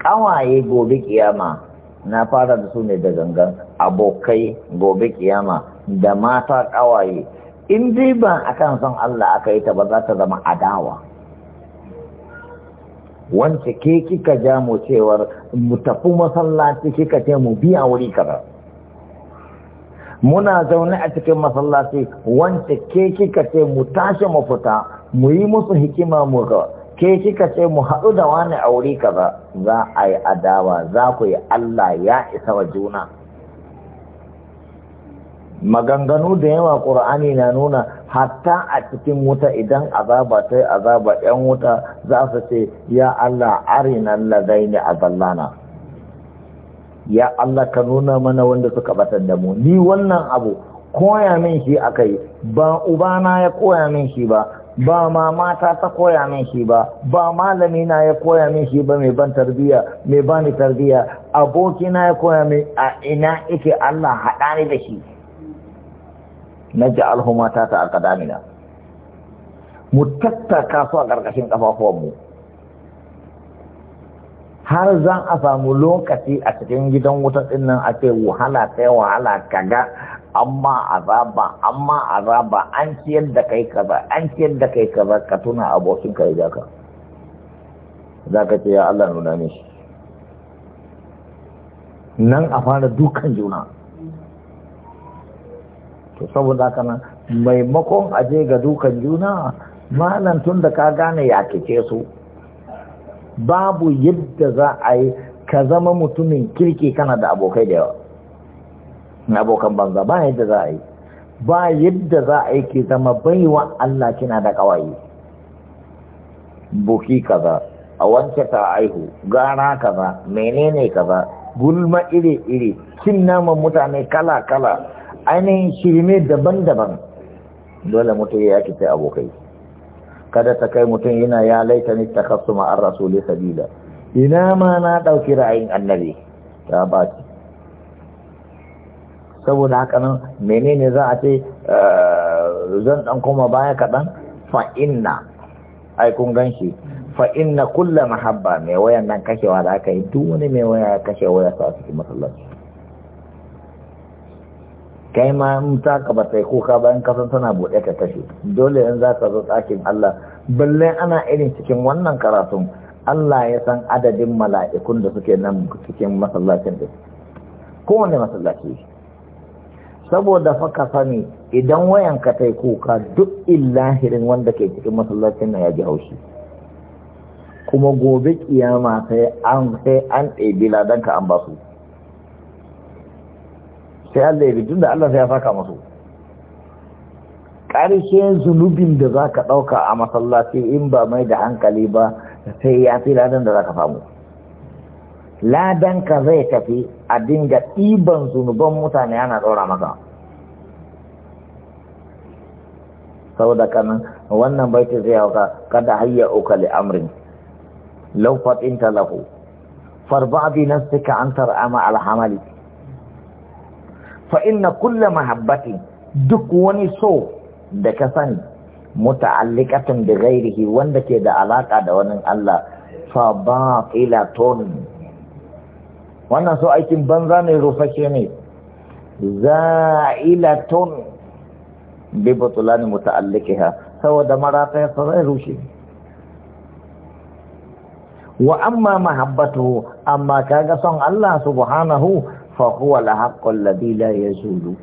kawaye gobe kiyama na fara da su ne da gangan abokai gobe kiyama da mata kawaye in ji ba a kan son Allah aka yi ta ba za ta zama adawa wance ke kika ja mu cewar mu tafi masallaci kika ce mu biya wuri kaza muna zaune a cikin masallaci wance ke kika ce mu tashi mu fita mu yi musu hikima mu ga ke kika ce mu haɗu da wani a wuri kaza za a yi adawa za ku yi Allah ya isa wa juna maganganu da yawa ƙur'ani na nuna hatta a cikin wuta idan azaba ta yi azaba ‘yan wuta za su ce ya Allah arinan ladaini ne a zallana ya Allah ka nuna mana wanda suka batar da mu ni wannan abu koya min shi akai kai, ba ubana ya koya min shi ba ba mamata ta koya min shi ba ba malami na ya koya min shi ba mai ban tarbiya mai bani tarbiya abokina ya koya min a ina yake Allah haɗa ni da shi naj'alhuma ta ta alqadamina mu tattaka su a ƙarƙashin ƙafafuwanmu har zan a samu lokaci a cikin gidan wutar ɗin nan a ce wahala sai wahala kaga amma azaba amma azaba an ciyar da kai kaza an ciyar da kai kaza ka tuna abokin kai da ka za ka ce ya Allah nuna shi. nan a fara dukan juna to saboda haka nan maimakon aje ga dukan juna malam tun da ka gane ya kike su babu yadda za a yi ka zama mutumin kirki kana da abokai da yawa abokan banza ba yadda za a yi ba yadda za a yi ki zama baiwa Allah kina da kawaye buki kaza a wance ta aihu gara kaza menene kaza gulma iri iri cin naman mutane kala kala ainihin shirme daban-daban dole mutum ya yaki abokai kada ta kai mutum yana ya laita ni ta kasu ma'ar rasuli sabila ina ma na ɗauki ra'ayin annabi ta ba ce saboda haka nan menene za a ce eh, zan ɗan koma baya kaɗan fa'inna ai kun gan shi fa'inna kulla mahabba mai wayan nan kashewa da aka yi duk wani mai waya kashe ya sa cikin masallaci kai ma in ta kaba sai kuka bayan kasan tana buɗe ka kashe dole in za ka zo tsakin Allah balle ana irin cikin wannan karatun Allah ya san adadin mala'ikun da suke nan cikin masallacin da kowane masallaci saboda fa ka sani idan wayan ka tai kuka duk illahirin wanda ke cikin masallacin nan ya ji haushi kuma gobe kiyama sai an sai an ɗebi ladanka an ba su sai Allah ya tun da Allah sai ya saka masu ƙarshen zunubin da za ka ɗauka a masallaci in ba mai da hankali ba sai ya fi ladan da za ka samu ladanka zai tafi a dinga ɗiban zunuban mutane ana ɗora maka da kanan wannan baiti zai hauka kada hayya uka li amrin law fatinta farba bi nafsika an tar'ama alhamali. fa kulle kulla mahabbatin duk wani so da ka sani muta'alliqatun bi ghairihi wanda ke da alaka da wani Allah fa filaton. wannan so aikin banza ne rufashe ne za'ilatun bi butulani ha. saboda marata ya sai rushe wa amma mahabbatu amma kaga son Allah subhanahu فهو الحق labila ya يزول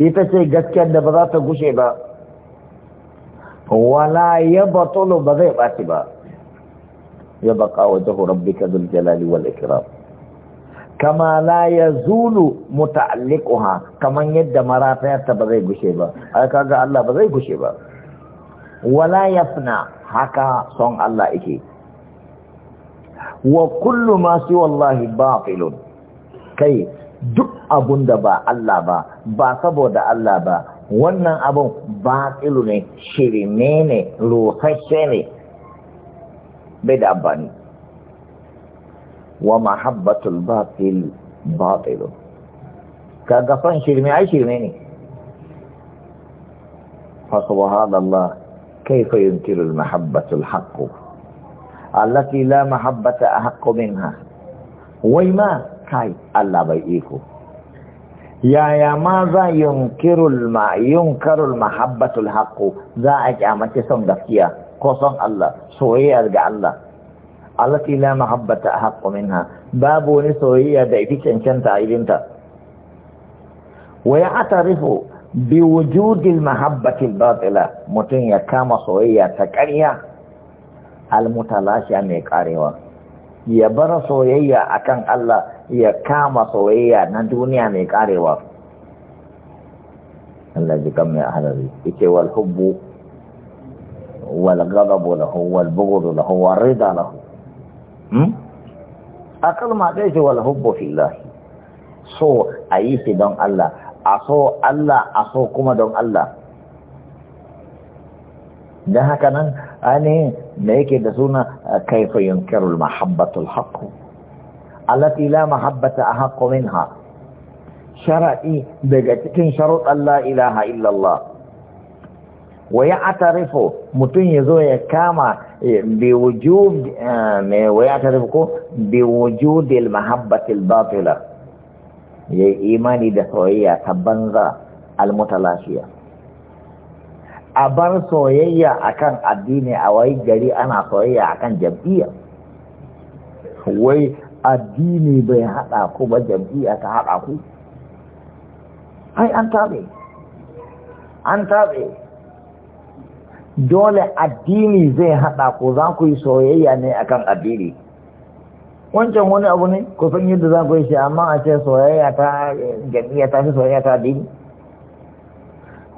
ita ce gaskiyar da ba za ta gushe ba wala ya batolo ba zai ɓaci ba ya baka wajen rabbika zul jalali wal ikram kama la ya zulu muta'alliquha kaman yadda maratayarta ba zai gushe ba ai ga Allah ba zai gushe ba wala ya yafna haka son Allah yake wa kullu ma siwa Allah batilun kai duk abun da ba Allah ba ba saboda Allah ba wannan abun batsilu ne shirme ne rufashe ne bai da abani. wa mahabbatul batil batilu kaga fan shirme ai shirme ne fa subhanallah kayfa yunkiru al mahabbatul haqq allati la mahabbata ahqqu minha wai ma kai Allah bai iko yaya ma za yunkirul ma mahabbatul za a kyamace son gaskiya ko son Allah soyayya ga Allah allati la mahabbata haqqu minha babu wani soyayya da ita cancanta a idinta wa ya'tarifu bi wujudil mahabbatil batila mutum ya kama soyayya ta ƙarya al mutalashiya mai karewa ya bar soyayya akan Allah ya kama soyayya na duniya mai karewa Allah ji kan mai halari yake wal hubbu wal ghadabu lahu wal bughdu lahu wal rida lahu hmm akal ma dai shi wal hubbu fillah so ayi shi don Allah a so Allah a so kuma don Allah dan haka nan ainihin da yake da suna kaifa yunkirul mahabbatul haqqu allati la mahabbata ahaqqu minha shar'i daga cikin sharuɗan la ilaha illallah wa ya'tarifu mutun yazo ya kama eh, bi wujub eh, me wa ya'tarifu ko bi wujudil mahabbatil batila yayi imani da soyayya ta banza al mutalashiya a bar soyayya akan addini a wai gari ana soyayya akan jam'iyya wai addini bai haɗa ku ba jam'iyya ta haɗa ku ai an taɓe an taɓe dole addini zai haɗa ku za ku yi soyayya ne akan addini wancan wani abu ne ku san yadda za ku yi shi amma a ce soyayya ta jam'iyya ta fi soyayya ta addini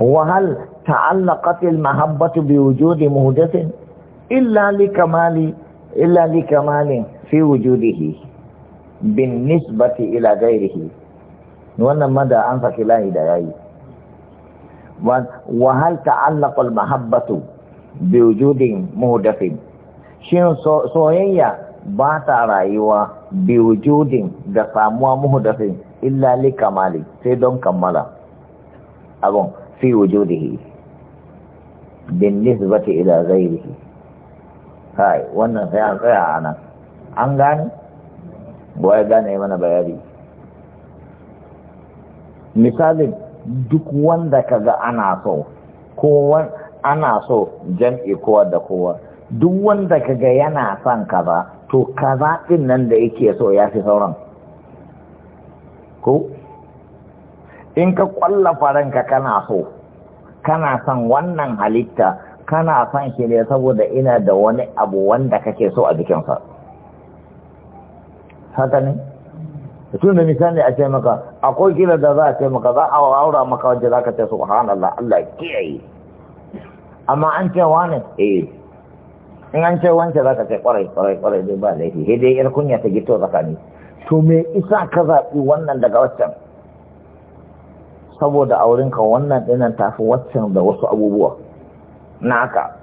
wahal تعلقت المحبة بوجود مهدث إلا لكمال إلا لكمال في وجوده بالنسبة إلى غيره وأن مدى أنفك لا هداية وهل تعلق المحبة بوجود مهدث شين سوية باتا رأيوا بوجود دساموا مهدث إلا لكمال سيدون كمالا أبو في وجوده bin nisbati ila ghairihi kai wannan sai an tsaya a nan an gane ya gane mana bayani Misali, duk wanda kaga ana so kowa ana so jam'i kowa da kowa duk wanda kaga yana son kaza to kaza din nan da yake so ya fi sauran ko in ka kwallafa ranka kana so kana son wannan halitta kana son shi ne saboda ina da wani abu wanda kake so a jikinsa haka ne tun da misali a ce maka akwai kila da za a ce maka za a aura maka wajen za ka ce subhanallah Allah kiyaye amma an ce wani eh in an ce wance za ka ce kwarai kwarai kwarai Zai ba laifi sai yar kunya ta gito tsakani to me isa ka zaɓi wannan daga waccan saboda aurenka wannan ɗinan tafi waccan da wasu abubuwa naka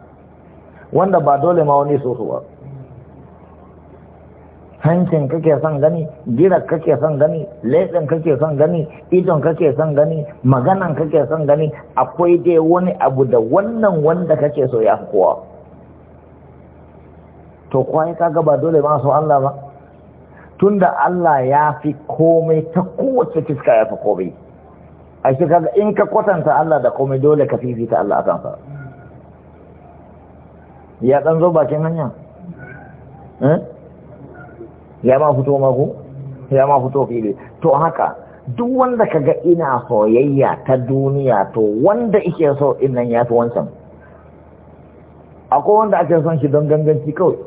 wanda ba dole ma wani so ba hancin kake son gani girar kake son gani leɓen kake son gani idon kake son gani maganan kake son gani akwai dai wani abu da wannan wanda kake so ya kowa to kwaye kaga ba dole ma so Allah ba tunda Allah ya fi komai ta kowace fiska ya fi komai a shi kaga in ka kwatanta Allah da komai dole ka fifita Allah a sa ya dan zo bakin hanya eh? ya ma fito mako? ya ma fito fili to haka duk wanda ka ga ina soyayya ta duniya to wanda ike so din nan fi wancan akwai wanda ake son shi don ganganci kawai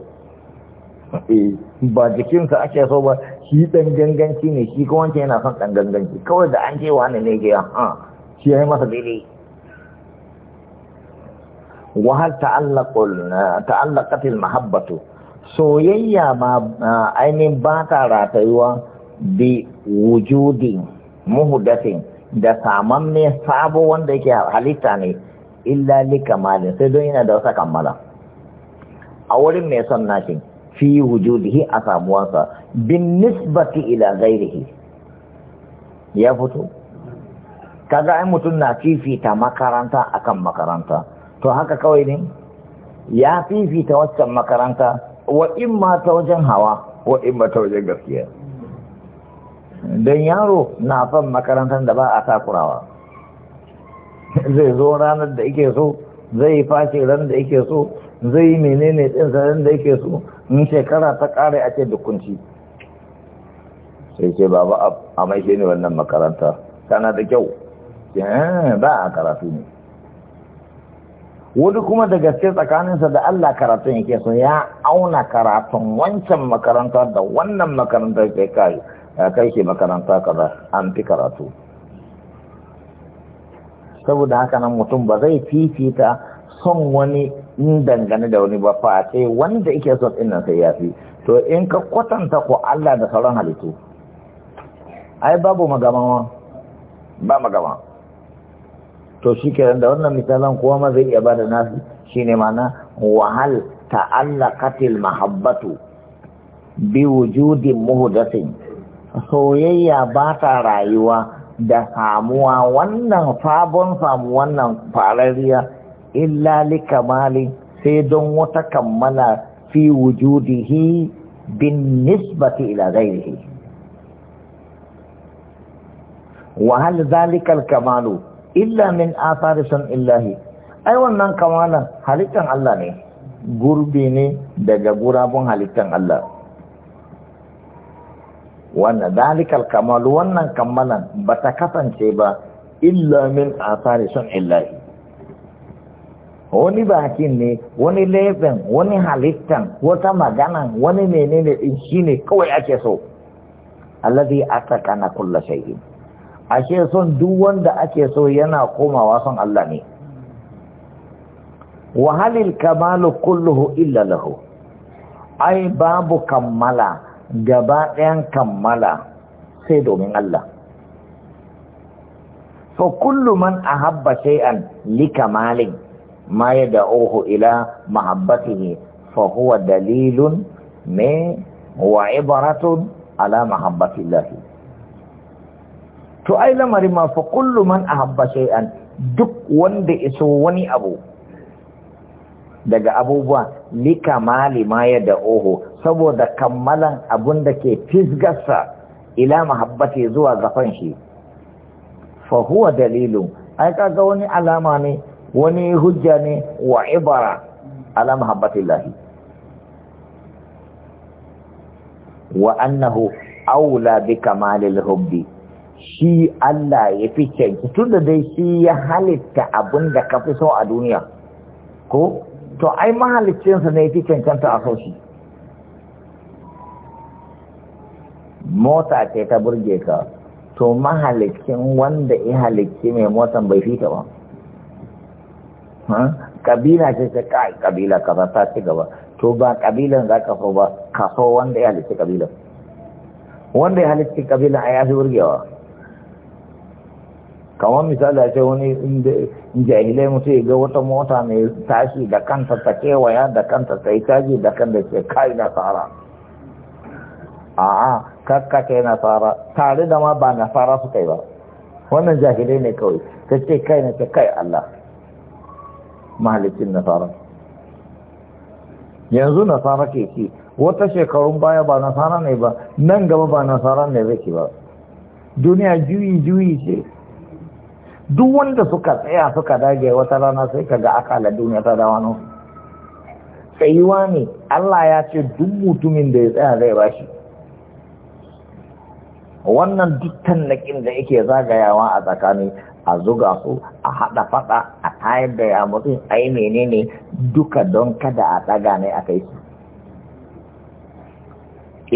Eh, ba jikinsa ake so ba shi dan ganganci ne shi kuma wanke yana son dan ganganci kawai da an je wani ne gaya ha shi ya yi masa daidai wahal ta'allaqatil mahabbatu soyayya ma ainihin ba ta ratayuwa bi wujudin muhdathin da saman ne sabo wanda yake halitta ne illa kamalin sai don yana da wasa kammala a wurin mai son nashin fi wujudihi a samuwansa bin nisbati ila gairihi ya fito kaga ai mutum na fifita makaranta akan makaranta to haka kawai ne ya fifita waccan makaranta wa ma ta wajen hawa wa ma ta wajen gaskiya don yaro na son makarantar da ba a takurawa zai zo ranar da ike so zai fashe ran da yake so zai yi menene ɗin sanar da yake so in shekara ta ƙare a ce dukunci sai ce baba a mai ne wannan makaranta tana da kyau eh, ba a karatu ne wani kuma da gaske tsakaninsa da Allah karatun yake so ya auna karatun wancan makaranta da wannan makaranta ke kai kai ke makaranta kaza an fi karatu saboda haka nan mutum ba zai fifita son wani in dangane da wani ba fa sai wanda yake son din nan sai ya fi to in ka kwatanta ko Allah da sauran halittu ai babu magama ba magama to shi ke da wannan misalan kowa ma zai iya bada nasu ne mana wahal ta'allaqatil mahabbatu bi wujudin muhdathin soyayya ba ta rayuwa da samuwa wannan sabon samu wannan farariya illa li kamali sai don wata kammala fi wujudihi bin nisbati ila ghairihi wa hal zalika kamalu illa min athari illahi ai wannan kamalan halittan Allah ne gurbi ne daga gurabun halittan Allah wannan zalikal kamalu wannan kammalan ba ta kasance ba illa min athari sun illahi wani bakin ne wani laifin wani halittan wata magana wani menene din ne kawai ake so allazi na kullu shay'in ashe son duk wanda ake so yana komawa son Allah ne wa halil kamalu kulluhu illa lahu ai babu kammala gaba ɗayan kammala sai domin Allah fa kullu man ahabba shay'an li kamalin ما يدعوه إلى dalilun فهو دليل وعبرة ala محبة الله to ai lamarin ma fa kullu man ahabba shay'an duk wanda iso wani abu daga abubuwa lika mali ma ya da oho saboda kammalan abun da ke fisgarsa ila mahabbati zuwa gafan shi fa huwa dalilun ai kaga wani alama ne wani hujja ne wa ibara ala mahabbatillahi wa annahu aula bi kamalil hubbi shi Allah ya fi tunda dai shi ya halitta abin da ka fi so a duniya ko to ai mahaliccinsa ne ya fi cancanta a so shi mota ce ta burge ka to mahalicin wanda ya halicci mai motan bai fita ba kabila ce ta kai kabila kaza ta ci gaba to ba kabilan za ka so ba ka so wanda ya halitta kabilan wanda ya halitta kabilan a ya fi burgewa kamar misali a ce wani jahilai mutu ya ga wata mota mai tashi da kanta ta kewaya da kanta ta yi caji da kan da ce kai nasara. a'a kakka na nasara tare da ma ba nasara su kai ba wannan jahilai ne kawai ta ce kai na ce kai Allah mahalicin nasara yanzu nasara ke ce wata shekarun baya ba nasara ne ba nan gaba ba nasara ne zai ba duniya juyi juyi ce duk wanda suka tsaya suka dage wata rana sai ka ga akala duniya ta dawano tsayuwa ne Allah ya ce duk mutumin da ya tsaya zai bashi wannan dukkan nakin da yake zagayawa a tsakani a zuga su a haɗa faɗa a tayar da ya mutum ai menene duka don kada a ɗaga ne a kai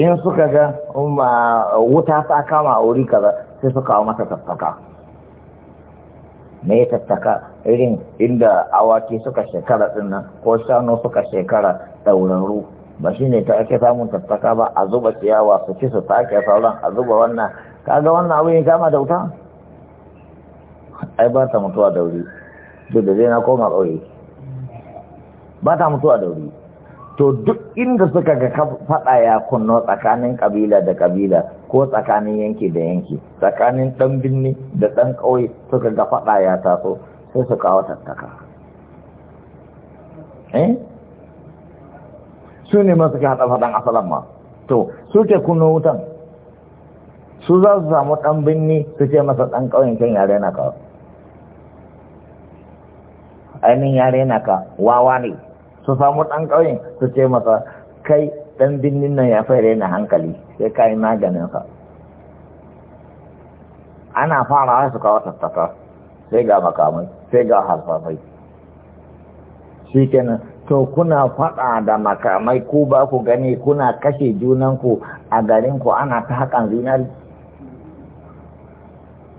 in suka ga wuta ta kama a wuri kaza sai suka hau mata tattaka me tattaka irin inda awaki suka shekara ɗin ko shanu suka shekara ɗaurarru ba shi ne ta ake samun tattaka ba a zuba ciyawa su ci su ake sauran a zuba wannan kaga wannan abu ya kama da wuta ai ba ta mutuwa da wuri duk da zai na koma ƙauye ba ta mutuwa da wuri to duk inda suka ga faɗa ya kunno tsakanin ƙabila da ƙabila ko tsakanin yanki da yanki tsakanin ɗan binni da ɗan ƙauye suka ga faɗa ya taso sai su kawo tattaka eh su ne masu ka haɗa faɗan asalan ma to suke kuno wutan su za su samu ɗan binni su ce masa ɗan ƙauyen kan yare na ka ainihin yare na ka wawa ne su samu ɗan ƙauyen su ce masa kai ɗan binnin nan ya fara na hankali sai ka yi maganinsa ana fara su kawo tattaka sai ga makamai sai ga harfafai shi kenan to kuna faɗa da makamai ku ba ku gani kuna kashe junanku a garinku ana ta haƙan zinari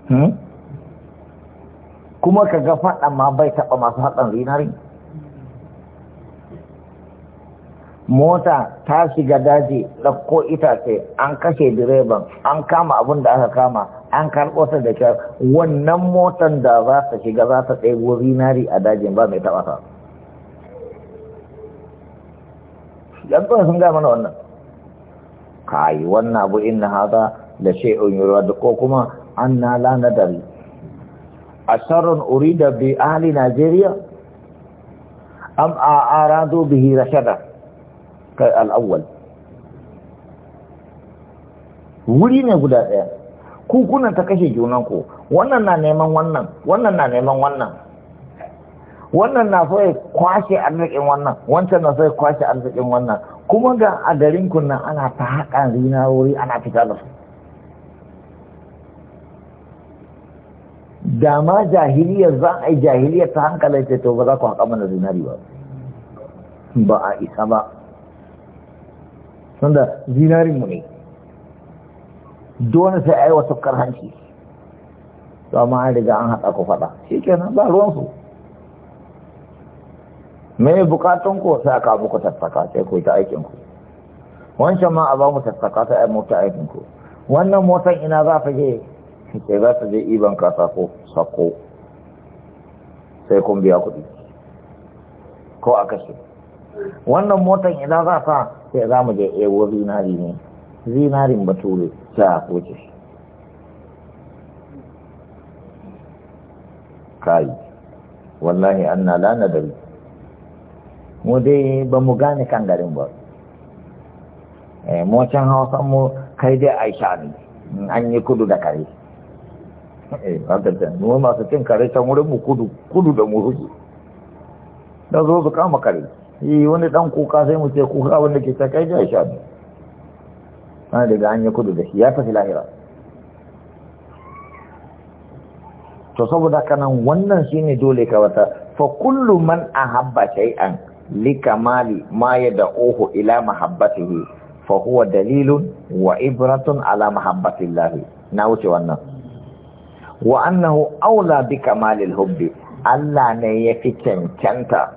hmm? kuma ka ga faɗa ma bai taɓa masu haƙan zinari mota ta shiga daji ɗauko itace an kashe direban an kama abun da aka kama an karɓo ta da kyar wannan motan da za ta shiga za ta ɗebo zinari a dajin ba mai taɓa ta. Yanzu sun ga mana wannan kai wannan abu inna hada la shay'un yurad ko kuma anna la nadari asharun urida bi ahli najeriya am aradu bihi rashada kai al wuri ne guda ɗaya. ku ta kashe junanku wannan na neman wannan wannan na neman wannan wannan na so ya kwashe arzikin wannan wancan na so ya kwashe arzikin wannan kuma ga a garin kunna ana ta haƙa wuri ana fita da su da ma jahiliyar za a yi jahiliyar ta hankalin ce to ba za ku haƙa mana zinari ba ba a isa ba sanda zinarinmu ne dole sai a yi wasu karhanci hanci, amma an riga an haɗa ku faɗa shi kenan ba ruwansu me bukatun ku sai aka muku tattaka sai ku ta aikin ku wancan ma a ba mu tattaka sai ai mota aikin ku wannan motan ina za ta je sai za ta je iban ka sako sako sai kun biya kuɗi ko a kashe wannan motan ina za ta sai za mu je ewo zinari ne zinarin bature ta koce shi kai wallahi anna la nadari mu dai ba mu gane kan garin ba eh, mu can hausa mu kai dai aisha ne an yi kudu da kare eh, mu masu cin kare can wurin mu kudu kudu da mu hudu da zo su kama kare wani dan kuka sai mu ce kuka wanda ke ta kai dai aisha ne ana daga an yi kudu da shi ya tafi lahira to saboda kanan wannan shine dole ka wata fa kullu man ahabba shay'an likamali ma ya oho ila mahabbatihi fa huwa dalilun wa ibratun ala mahabbatillahi na wuce wannan wa annahu aula bi kamalil hubbi Allah ne ya fi cancanta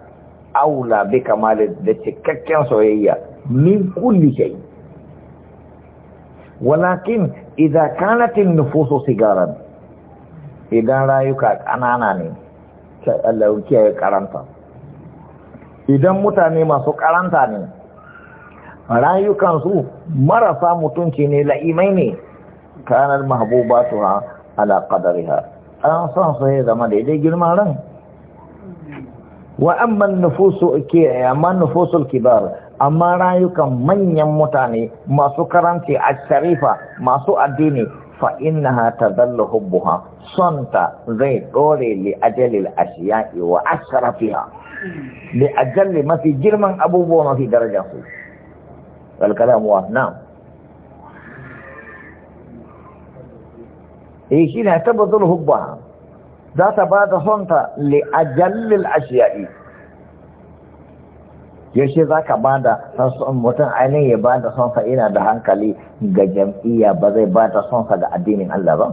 aula bi kamalil da cikakken soyayya min kulli shay walakin idza kanat an sigaran idan rayuka kanana ne sai Allah ya karanta idan mutane masu karanta ne rayukansu marasa mutunci ne la'imai ne kanar su ha ala ha an san su ya zama daidai girman ran wa nufusu ke amma nufusul kibar amma rayukan manyan mutane masu karanta a sharifa masu addini ta ta zalla hubbuha sonta zai dore li ajalil ashiya'i wa ashrafiha li ajalli mafi girman abubuwa mafi darajar su alkalamuwa na'am eh shi ne tabbatar hubba za ta ba da sonta li ajallil ashiya'i yaushe za ka ba da mutum ainihin ya ba da sonsa ina da hankali ga jam'iyya ba zai ba da sonsa ga addinin Allah ba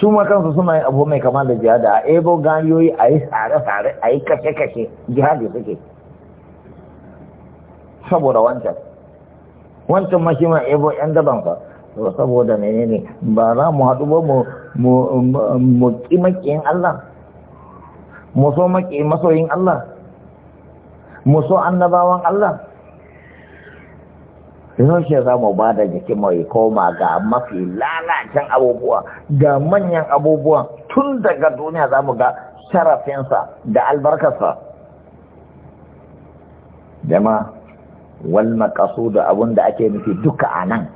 su ma kansu suna yin abu mai kama da jihadi a ebo ganyoyi a yi tsare-tsare a yi kashe-kashe jihadi suke saboda wancan wancan ma ma ebo yan daban fa saboda menene ba za mu haɗu ba mu ƙi maƙiyin Allah mu so maƙi masoyin Allah mu so annabawan Allah yaushe za mu ba da jikin mai koma ga mafi lalacin abubuwa ga manyan abubuwa tun daga duniya za mu ga sharafinsa da albarkarsa jama wal maqasud abun da ake nufi duka anan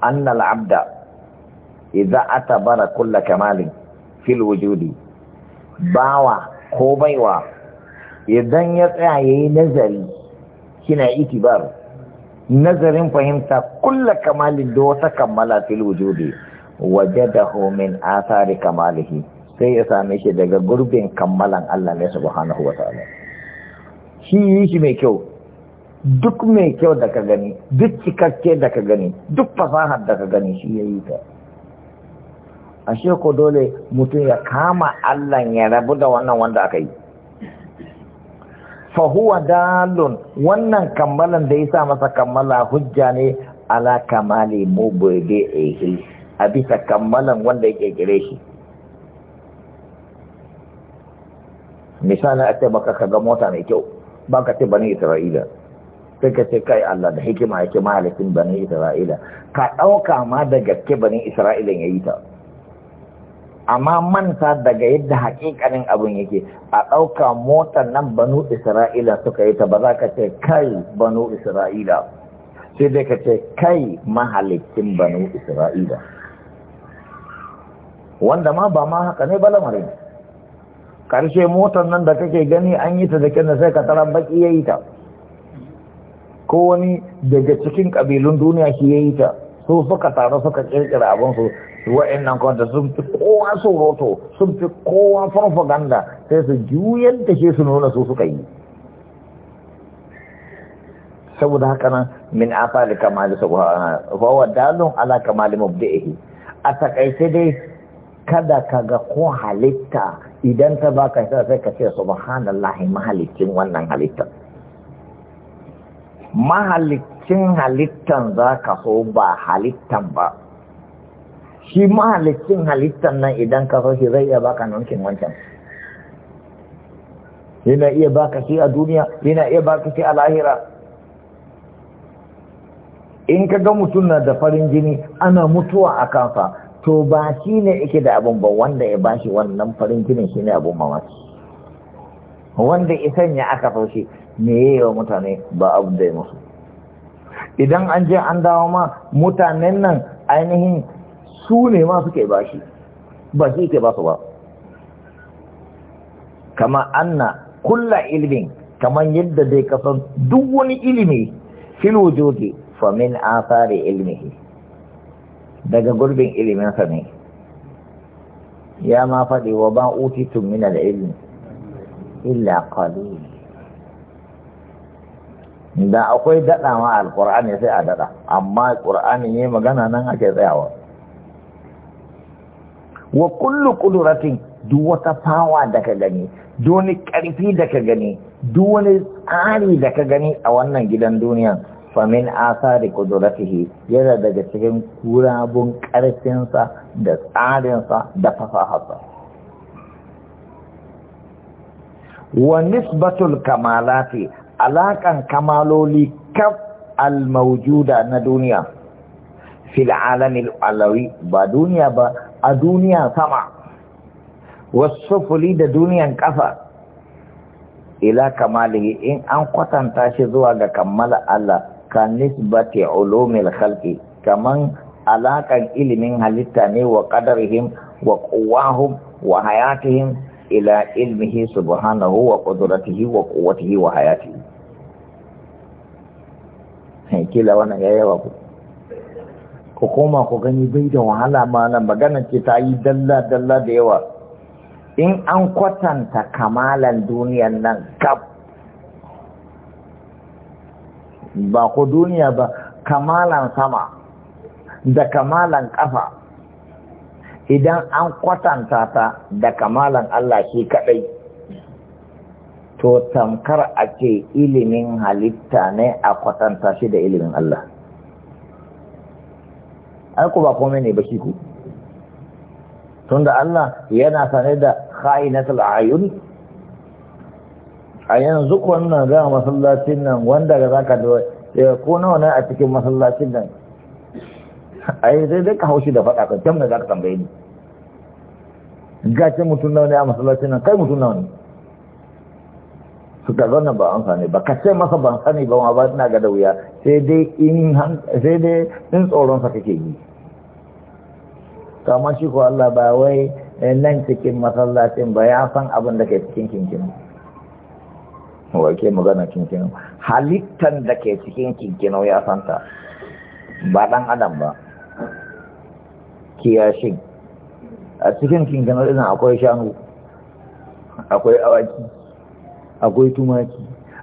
annal abda idza bara kulla kamalin fil wujudi bawa ko baiwa idan ya tsaya yayi nazari kina itibar nazarin fahimta kulla kamalin da wata kammala fil wujudi wajadahu min athari kamalihi sai ya same shi daga gurbin kammalan Allah ne subhanahu wa ta'ala shi yi shi mai kyau duk mai kyau da ka gani duk cikakke da ka gani duk fasahar da ka gani shi ya ta ashe ko dole mutum ya kama Allah ya rabu da wannan wanda aka yi Fahuwa huwa dalun wannan kammalan da ya sa masa kammala hujja ne ala kamali mubdi'ihi a bisa kammalan wanda ya kirkire shi misali a ce baka kaga mota mai kyau baka ce bani isra'ila sai ka ce kai Allah da hikima yake mahalicin bani isra'ila ka ɗauka ma daga ke bani Isra'ila ya yi ta amma manta daga yadda haƙiƙanin abin yake a ɗauka motar nan banu isra'ila suka yi ta ba za ka ce kai banu isra'ila sai dai ka ce kai mahalicin banu isra'ila wanda ma ba ma haka ne ba lamarin ƙarshe motar nan da kake gani an yi ta da kyan sai ka tara baƙi ya yi ta ko wani daga cikin ƙabilun duniya shi ya yi ta su suka taru suka kirkira abinsu nan kwanta sun fi kowa roto sun fi kowa farfaganda sai su juyar da ke su nuna su suka yi saboda haka nan min afali kamali su fa huwa dalon ala kamali mubdihi a takaice dai kada ka ga ko halitta idan ta baka sai ka ce subhanallahi mahalicin wannan halitta mahalik cikin halittan za ka so ba halittan ba shi mahalicin halittan nan idan ka so shi zai iya baka nunkin wancan yana iya baka shi a duniya yana iya baka shi a lahira in ka ga mutum na da farin jini ana mutuwa a kansa to ba shi ne yake da abin ba wanda ya bashi wannan farin jini shi ne abin mamaki wanda isan ya sanya aka faushe me yi wa mutane ba abu da ya musu idan an je an dawo ma mutanen nan ainihin su ne ma suke bashi ba shi ke ba su ba kama anna kulla ilimin kamar yadda zai kasan duk wani ilimi filo joge famin asari ilimi daga gurbin iliminsa ne ya ma faɗi wa ba utitun min al illa qalil da akwai daɗawa alƙur'ani sai a daɗa amma ƙur'ani ne magana nan ake tsayawa wa kullu ƙuduratin duk wata fawa da ka gani duk wani ƙarfi da ka gani duk wani tsari da ka gani a wannan gidan duniyan famin asari ƙuduratihi yana daga cikin kurabun ƙarfinsa da tsarinsa da fasaharsa wa nisbatul kamalati alaƙan kamaloli kaf al-maujuda na duniya fil alamil alawi ba duniya ba a duniya sama wasu fuli da duniyan ƙasa ila kamalihi in an kwatanta shi zuwa ga kammala Allah ka nisbati ulumil khalqi kaman alaƙan ilimin halitta ne wa qadarihim wa quwwahum wa hayatihim ila ilmihi subhanahu wa qudratihi wa quwwatihi wa hayatihi Eh, kila wannan ya yawa ku ku koma ku gani bai da wahala nan magana ce ta yi dalla dalla da yawa in an kwatanta kamalan duniyan nan kaf ba ku duniya ba kamalan sama da kamalan kafa idan an kwatanta ta da kamalan Allah shi kadai to tamkar a ce ilimin halitta ne a kwatanta shi da ilimin Allah aiku ba kome ne ba shi ku tunda Allah yana sane da kha'inatul ayun a yanzu wannan ga masallacin nan wanda ga zaka da ko nawa ne a cikin masallacin nan ai zai dai ka haushi da faɗa kan can ne zaka tambaye ni gace mutum nawa ne a masallacin nan kai mutum nawa ne suka ka zauna ba an sani ba ka ce masa ban sani ba wa, ba ina ga da wuya sai dai in sai tsoron sa kake yi kama shi ko Allah ba wai eh, nan cikin masallacin ba ya san abin da ke cikin kinkin wai ke magana kinkin halittan da ke cikin kinkin ya san ta ba dan adam ba kiyashin a cikin kinkin ina akwai shanu akwai awaki akwai tumaki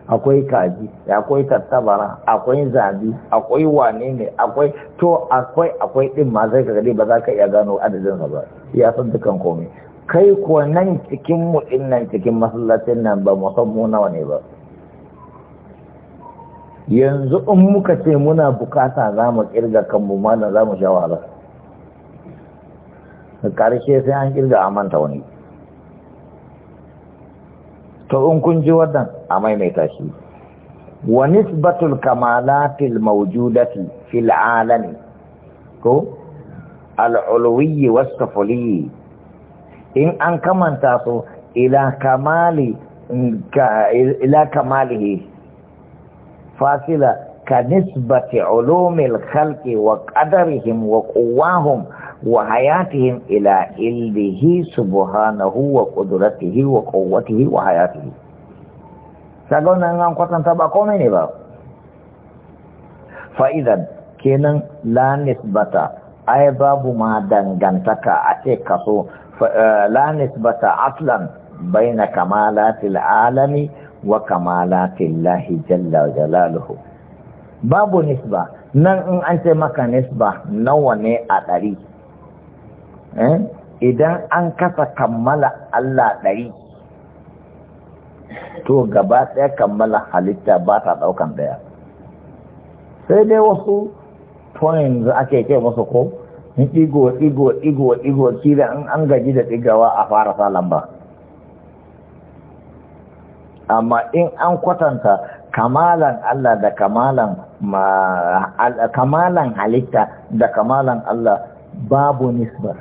akwai kaji akwai tattabara akwai zabi akwai wane ne akwai to akwai akwai din ma zai kaga ba za ka iya gano adadin sa ba ya san dukan komai kai kuwa nan cikin mu din nan cikin masallacin nan ba mu san mu nawa ne ba yanzu in muka ce muna bukata za mu kirga kanmu da za mu sha wahala karshe sai an kirga amanta wani to in kun ji wannan a maimaita shi wa nisbatul kamalatil mawjudati fil alami ko al'ulwiyyi wasfafuliyyi in an kamanta su ila kamali ila kamalihi fasila ka nisbati ulumil khalqi wa qadarihim wa quwwahum wa hayatihim ila ildihi subhanahu wa qudratihi wa quwwatihi wa hayatihi kaga wannan an kwatanta ba komai menene ba fa'idan kenan la nisbata ai babu ma dangantaka a ce kaso eh, la nisbata aslan baina kamalatil alami wa kamalatil lahi jalla jalaluhu babu nisba nan in an ce maka nisba nawa ne a ɗari Eh? idan an kasa kammala Allah ɗari to gaba ɗaya kammala halitta ba ta ɗaukan ɗaya sai dai wasu points ake ke masu ko ɗigo ɗigo ɗigo ɗigo kila in an gaji da ɗigawa a fara sa lamba amma in an kwatanta kamalan Allah da kamalan kamalan halitta da kamalan Allah babu nisbar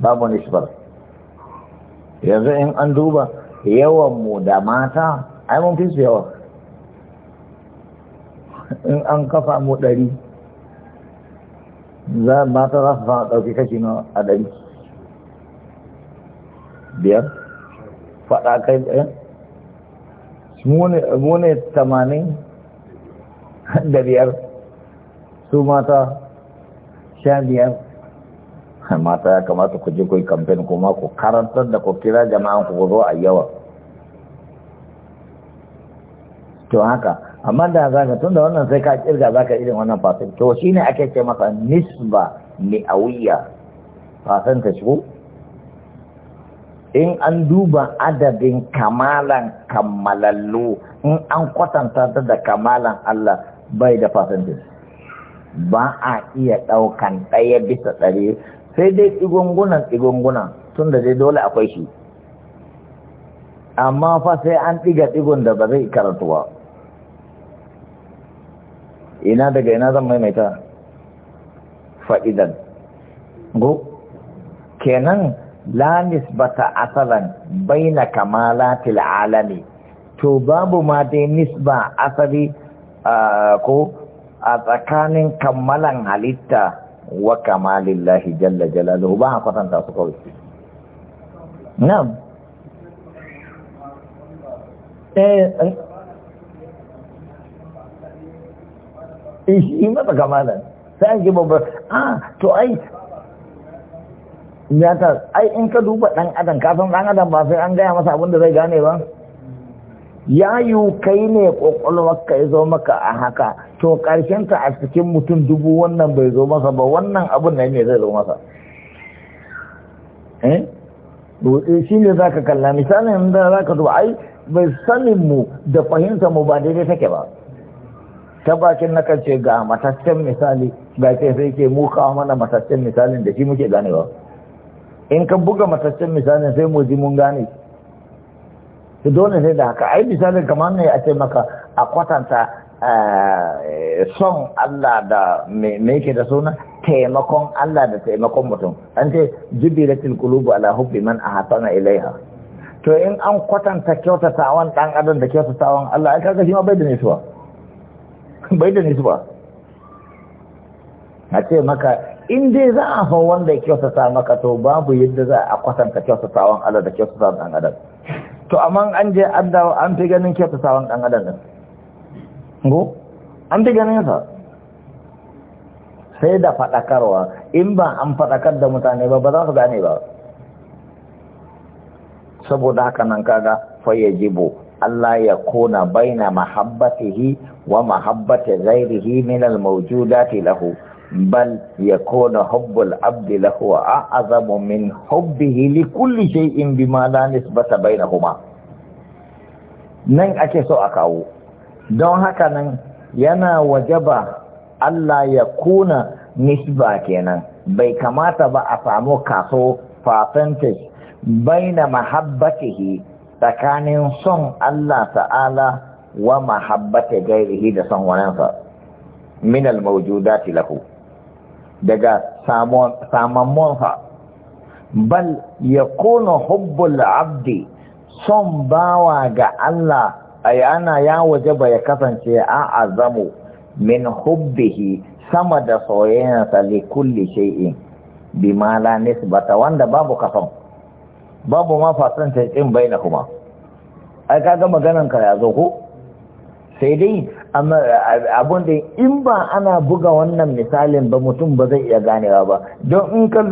babu nisbar yanzu in an duba yawanmu da mata ai mun fi su yawa in an kafa mu ɗari za mata za su fara ɗauki kashi na a ɗari biyar faɗa kai ɗaya mu ne tamanin da biyar su mata sha biyar mata ya kamata ku je ku yi kamfen kuma ku karantar da ku kira jama'an ku zo a yawa to haka amma da za ka tun da wannan sai ka kirga za ka irin wannan fasin to shi ne ake ce masa nisba mi'awiyya fasin ta shigo in an duba adadin kamalan kammalallu in an kwatanta ta da kamalan Allah bai da fasin ba a iya ɗaukan ɗaya bisa ɗari sai dai tsigungunan tsigungunan tun da dai dole akwai shi amma fa sai an ɗiga ɗigon da ba zai karatu ba ina daga ina zan maimaita fa'idan go kenan la nisbata asalan baina kamalatil alami to babu ma dai nisba asali ko a tsakanin kammalan halitta wa kamalillahi jalla jalaluhu ba a kwatanta su kawai na'am eh eh, eh shi mata kamalan sai ji babbar ah to ai ya ta ai in ka duba dan adam ka san dan adam ba sai an gaya masa abin da zai gane ba ya yi kai ne kwakwalwarka ya zo maka a haka to ta a cikin mutum dubu wannan bai zo masa ba wannan abin na ne zai zo masa eh? eh shi ne za ka kalla misalin da za ka zuwa ai bai sanin mu da fahimta mu ba daidai take ba ta bakin na ce ga mataccen misali ga ke sai ke mu kawo mana mataccen misalin da shi muke ganewa in ka buga mataccen misalin sai mu ji mun gane su dole sai da haka ai misalin kamar ne a ce maka a kwatanta eh, son Allah da me ke da suna taimakon Allah da taimakon mutum an ce jibilatul qulubu ala hubbi man ahsana ilaiha to in an kwatanta kyautatawan dan adam da kyautatawan Allah ai kaga shi ma bai da nisuwa bai da nisuwa a ce maka in dai za a fa wanda ya kyautata maka to babu yadda za a kwatanta kyautatawan Allah da kyautatawan dan adam to amma an je an an fi ganin kyautatawan ɗan adam ɗin go an fi ganin sa sai da faɗakarwa in ba an faɗakar da mutane ba ba za su gane ba saboda haka nan kaga yajibu Allah ya kona baina mahabbatihi wa mahabbati ghairihi min al-mawjudati lahu bal يكون حب العبد له اعظم من حبه لكل شيء بما لا نسبه بينهما nan ake so a kawo don haka nan yana wajaba Allah ya kuna nisba kenan bai kamata ba a samu kaso percentage baina mahabbatihi tsakanin son Allah ta'ala wa mahabbata gairihi da son wanansa min al-mawjudati lahu daga saman samammonsa bal ya kuna hubbul abdi son bawa ga Allah a ana ya waje ba ya kasance a azamu min hubbihi sama da soyayyarsa li kulli shay'in bima la nisbata wanda babu kafan babu ma fasanta bai baina kuma ai kaga maganan ka ya zo ko sai dai abun da in ba ana buga wannan misalin ba mutum ba zai iya ganewa ba don in ka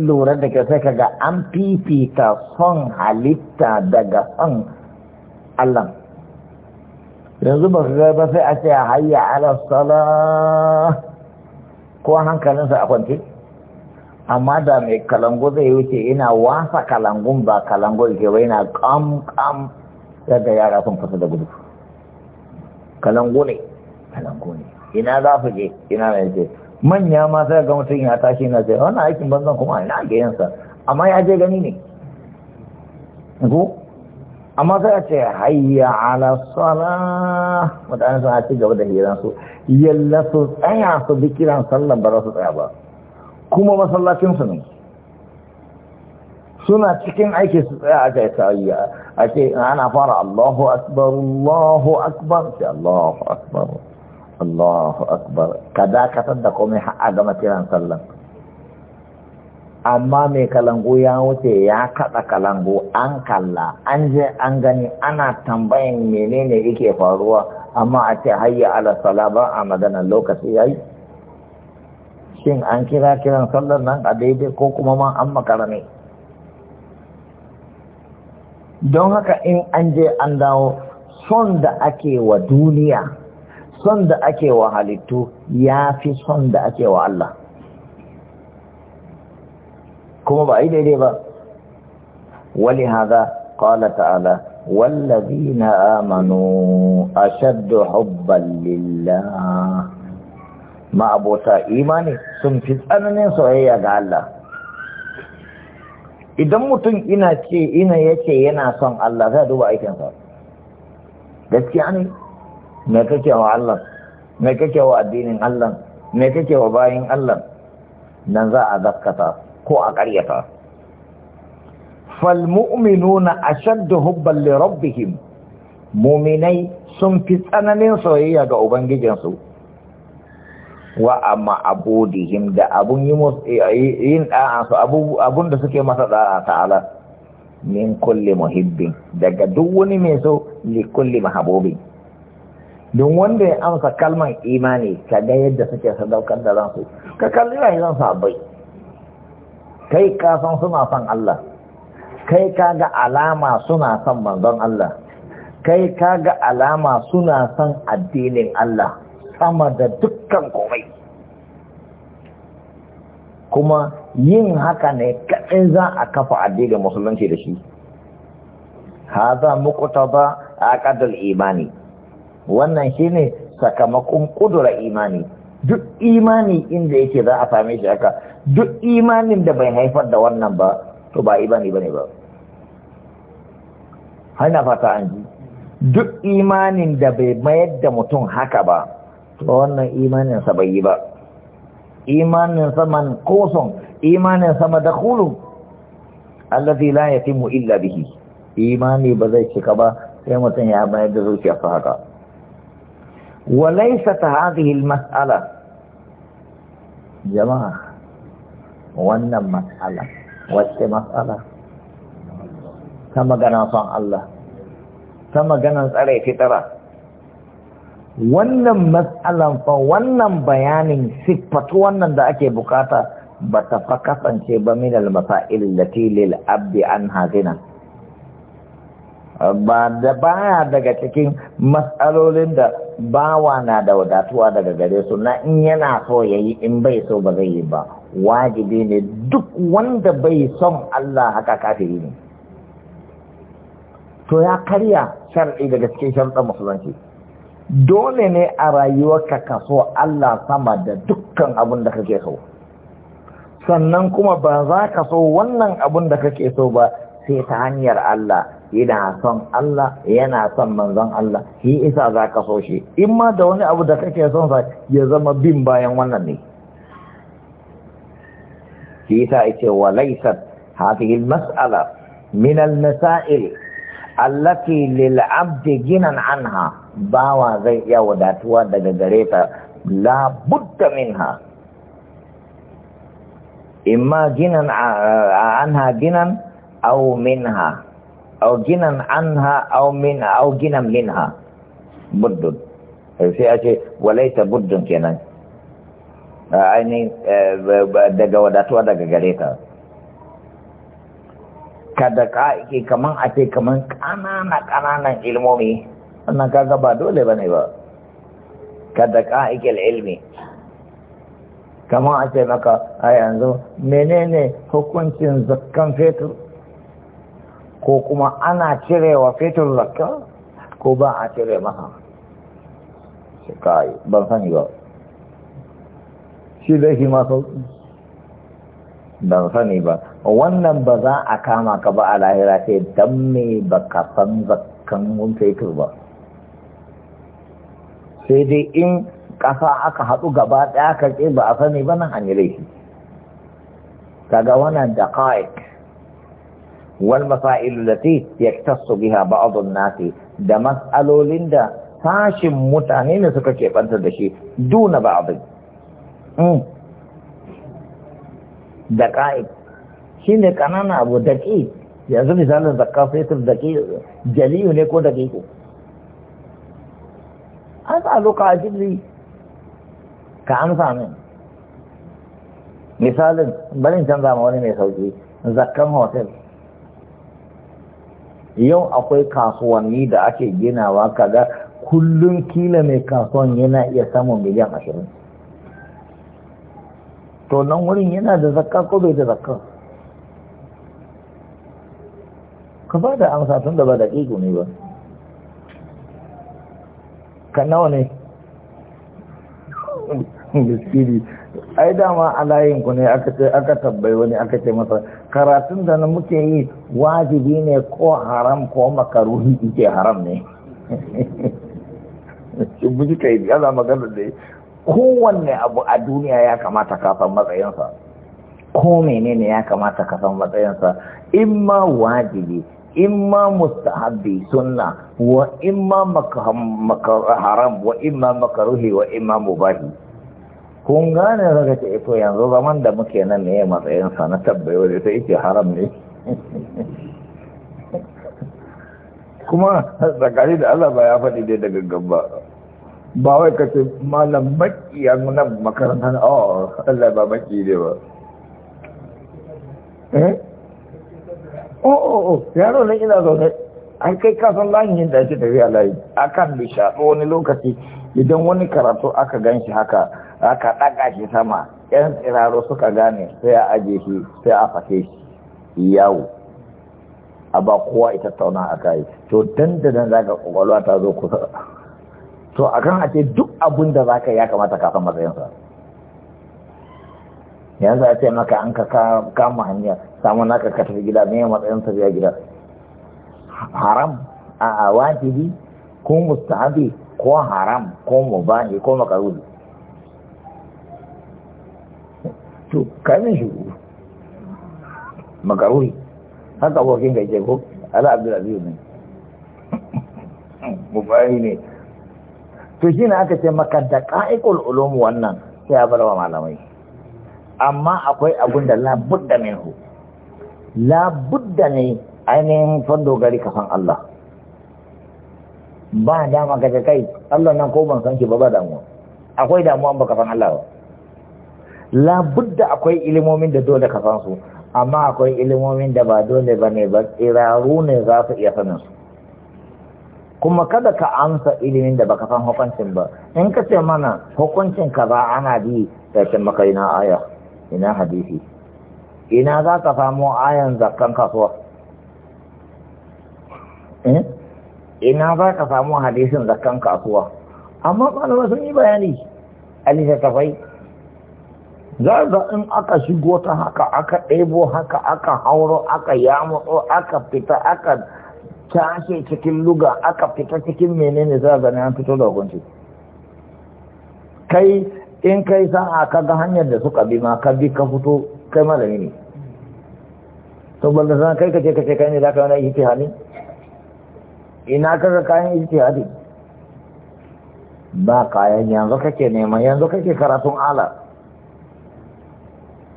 lura da kyau sai ka ga an fifita son halitta daga son Allah yanzu ba ka ba sai a ce hayya ala sala ko hankalinsa a kwanci amma da mai kalango zai wuce ina wasa kalangun ba kalango ke ba yana kam kam daga yara sun fasa da gudu Kalangune, ne ne ina za ku je ina na je manya ma sai ga mutum ya tashi na sai wannan aikin banzan kuma ina ga yansa amma ya je gani ne ko amma sai a ce hayya ala sala mutane sun ci gaba da hiran su yalla su tsaya su bi kiran sallan ba za su tsaya ba kuma masallacin su ne suna cikin aiki su tsaya kai yi a ake ana fara Allahu akbar Allahu akbar sai Allahu akbar Allahu akbar ka dakatar da komai a gama kiran sallan amma mai kalangu ya wuce ya kaɗa kalangu an kalla an je an gani ana tambayin menene yake faruwa amma a ce hayya ala sala ba a magana lokaci yayi shin an kira kiran sallar nan a daidai ko kuma ma an makara ne don haka in an je an dawo son da ake wa duniya son da ake wa halittu ya fi son da ake wa Allah kuma ba a yi daidai ba Wani haza ƙwala ta'ala wallazi na amanu a shaddu hubban Ma abota imani sun fi tsananin soyayya ga Allah idan mutum ina ce ina yake yana son Allah zai duba aikinsa gaskiya ne me kake wa Allah me kake wa addinin Allah me kake wa bayin Allah nan za a zakkata ko a ƙaryata falmu'minuna ashaddu hubban li rabbihim mu'minai sun fi tsananin soyayya ga ubangijinsu wa amma abudihim da abun yin da'a su abun da suke masa da'a ta'ala min kulli muhibbin daga duk wani mai so li kulli mahabubin don wanda ya amsa kalman imani ka ga yadda suke sadaukar da ransu ka kalli yi rayuwar sabai kai ka san suna son Allah kai ka ga alama suna son manzon Allah kai ka ga alama suna son addinin Allah sama da dukkan komai kuma yin haka ne kaɗai za a kafa ga musulunci da shi haza a aqdal imani wannan shine sakamakon kudura imani duk imani inda yake za a same shi haka duk imanin da bai haifar da wannan ba to ba imani ne ba hana fata an ji duk imanin da bai mayar da mutum haka ba to wannan imanin sa bai yi ba imanin man koson imanin sama da kulun allazi la yatimu illa bihi imani ba zai cika ba sai mutum ya bayar da zuciya sa haka wa laysa hadhihi almas'ala jama'a wannan mas'ala wacce mas'ala ta maganar son Allah ta maganar tsare fitara wannan matsalan fa wannan bayanin siffatu wannan da ake bukata ba ta fa kasance ba min al-masail lati lil abdi an hazina ba da baya daga cikin matsalolin da bawa na da wadatuwa daga gare su na in yana so yayi in bai so ba zai yi ba wajibi ne duk wanda bai son Allah haka kafiri ne to ya karya shar'i daga cikin sharɗin musulunci dole ne a rayuwarka ka so Allah sama da dukkan abin da kake so sannan kuma ba za ka so wannan abin da kake so ba sai ta hanyar Allah yana son Allah yana son manzon Allah shi isa za ka so shi in ma da wani abu da kake son sa ya zama bin bayan wannan ne shi isa yake wa laysat hadhihi al-mas'ala min al-masail allati lil 'abdi ginan anha bawa zai iya wadatuwa daga gare ta labudda minha imma ginan anha ginan aw minha au ginan anha au min au ginan minha buddun sai a ce walaita buddun kenan ainihin e, daga wadatuwa daga gare ta kada ka kaman a ce kaman ƙanana ƙananan ilmomi wannan kaga ba dole bane ba da ka'ikil ilmi kamar a ce maka a yanzu menene hukuncin zakkan fetur ko kuma ana cirewa fetur zakka ko ba a cire maha shi kai ban sani ba shi zai shi ma sauki ban sani ba wannan ba za a kama ka ba a lahira sai don me ba ka san zakkan fetur ba sai dai in ƙasa aka haɗu gaba ɗaya aka ce ba a sani ba na an yi laifi kaga wannan da ƙa'ik wal masa'il lati yaktasu biha an-nas da mas'alolin da sashin mutane ne suka keɓanta da shi duna ba'a hmm. da ƙa'ik shine kanana ƙanana abu daƙi yanzu misalin zakka da daƙi jaliyu ne ko ko. as'aluka ajri ka amsa min misalin barin canza ma wani mai sauki Zakan hotel yau akwai kasuwanni da ake ginawa kaga kullum kila mai kasuwan yana iya samun miliyan ashirin to nan wurin yana da zakka ko bai da zakka ka ba da amsa tun da ba da ne ba ka nawa ne gaskiri ai dama a layinku ku ne aka tabbai wani aka ce masa karatun da na muke yi wajibi ne ko haram ko makaruhi ike haram ne shubu kai yana magana da kowanne abu a duniya ya kamata ka san matsayinsa ko menene ya kamata ka san matsayinsa in ma wajibi imma mustahabbi sunna wa imma haram wa imma makaruhi wa imma mubahi kun gane daga ce eh, to yanzu zaman da muke nan ne matsayin sa na tabbayo da sai ce haram ne kuma tsakani da Allah ba ya faɗi dai daga gaba ba wai ka malam maki ya nuna makarantar oh Allah ba maki ne ba eh o oh, oh, oh. yaro nan ina zaune an kai kasan layin yadda ake tafiya layi akan bishaɗo wani lokaci idan wani karatu aka gan shi haka aka ɗaga shi sama yan tsiraro suka gane sai a aje shi sai a fashe shi yawo a ba kowa ita tauna a kai to dandanan za ka ƙwaƙwalwa ta zo kusa to akan a ce duk abin da za ka ya kamata ka san matsayinsa yanzu a ce maka an ka kama hanyar samun naka ka tafi gida ne matsayin tafiya gida haram a wajibi ko mustahabi ko haram ko mubahi ko makaruri to kamin shi makaruri haka abokin gaje ko ala abdulaziz ne mubahi ne to shi ne aka ce maka da ka'ikul ulum wannan sai ya bar wa malamai amma akwai abin da labudda hu labudda ne ainihin fando gari kafan Allah ba dama ga kai Allah nan ko ban san ki ba ba damuwa akwai damuwa ba kafan Allah ba labudda akwai ilimomin da dole kafan su amma akwai ilimomin da ba dole ba ne ba tsiraru ne za su iya sanin su kuma kada ka amsa ilimin da baka san hukuncin ba in ka ce mana hukuncin kaza ana bi da ce maka aya ina hadisi ina za ka samu ayan zakan kasuwa eh? ina za ka samu hadisin zakan kasuwa amma malama sun yi bayani a littattafai za a in aka shigo ta haka aka ɗebo haka aka hauro aka yamutso aka fita aka tashe cikin luga aka fita cikin menene za zane an fito da hukunci kai in kai sa'a ka ga hanyar da suka bi ma ka bi ka fito kai malami ne to balla san kai kace kace kai ne za ka yi ijtihadi ina ka ga kayan ijtihadi ba kayan yanzu kake nema yanzu kake karatun ala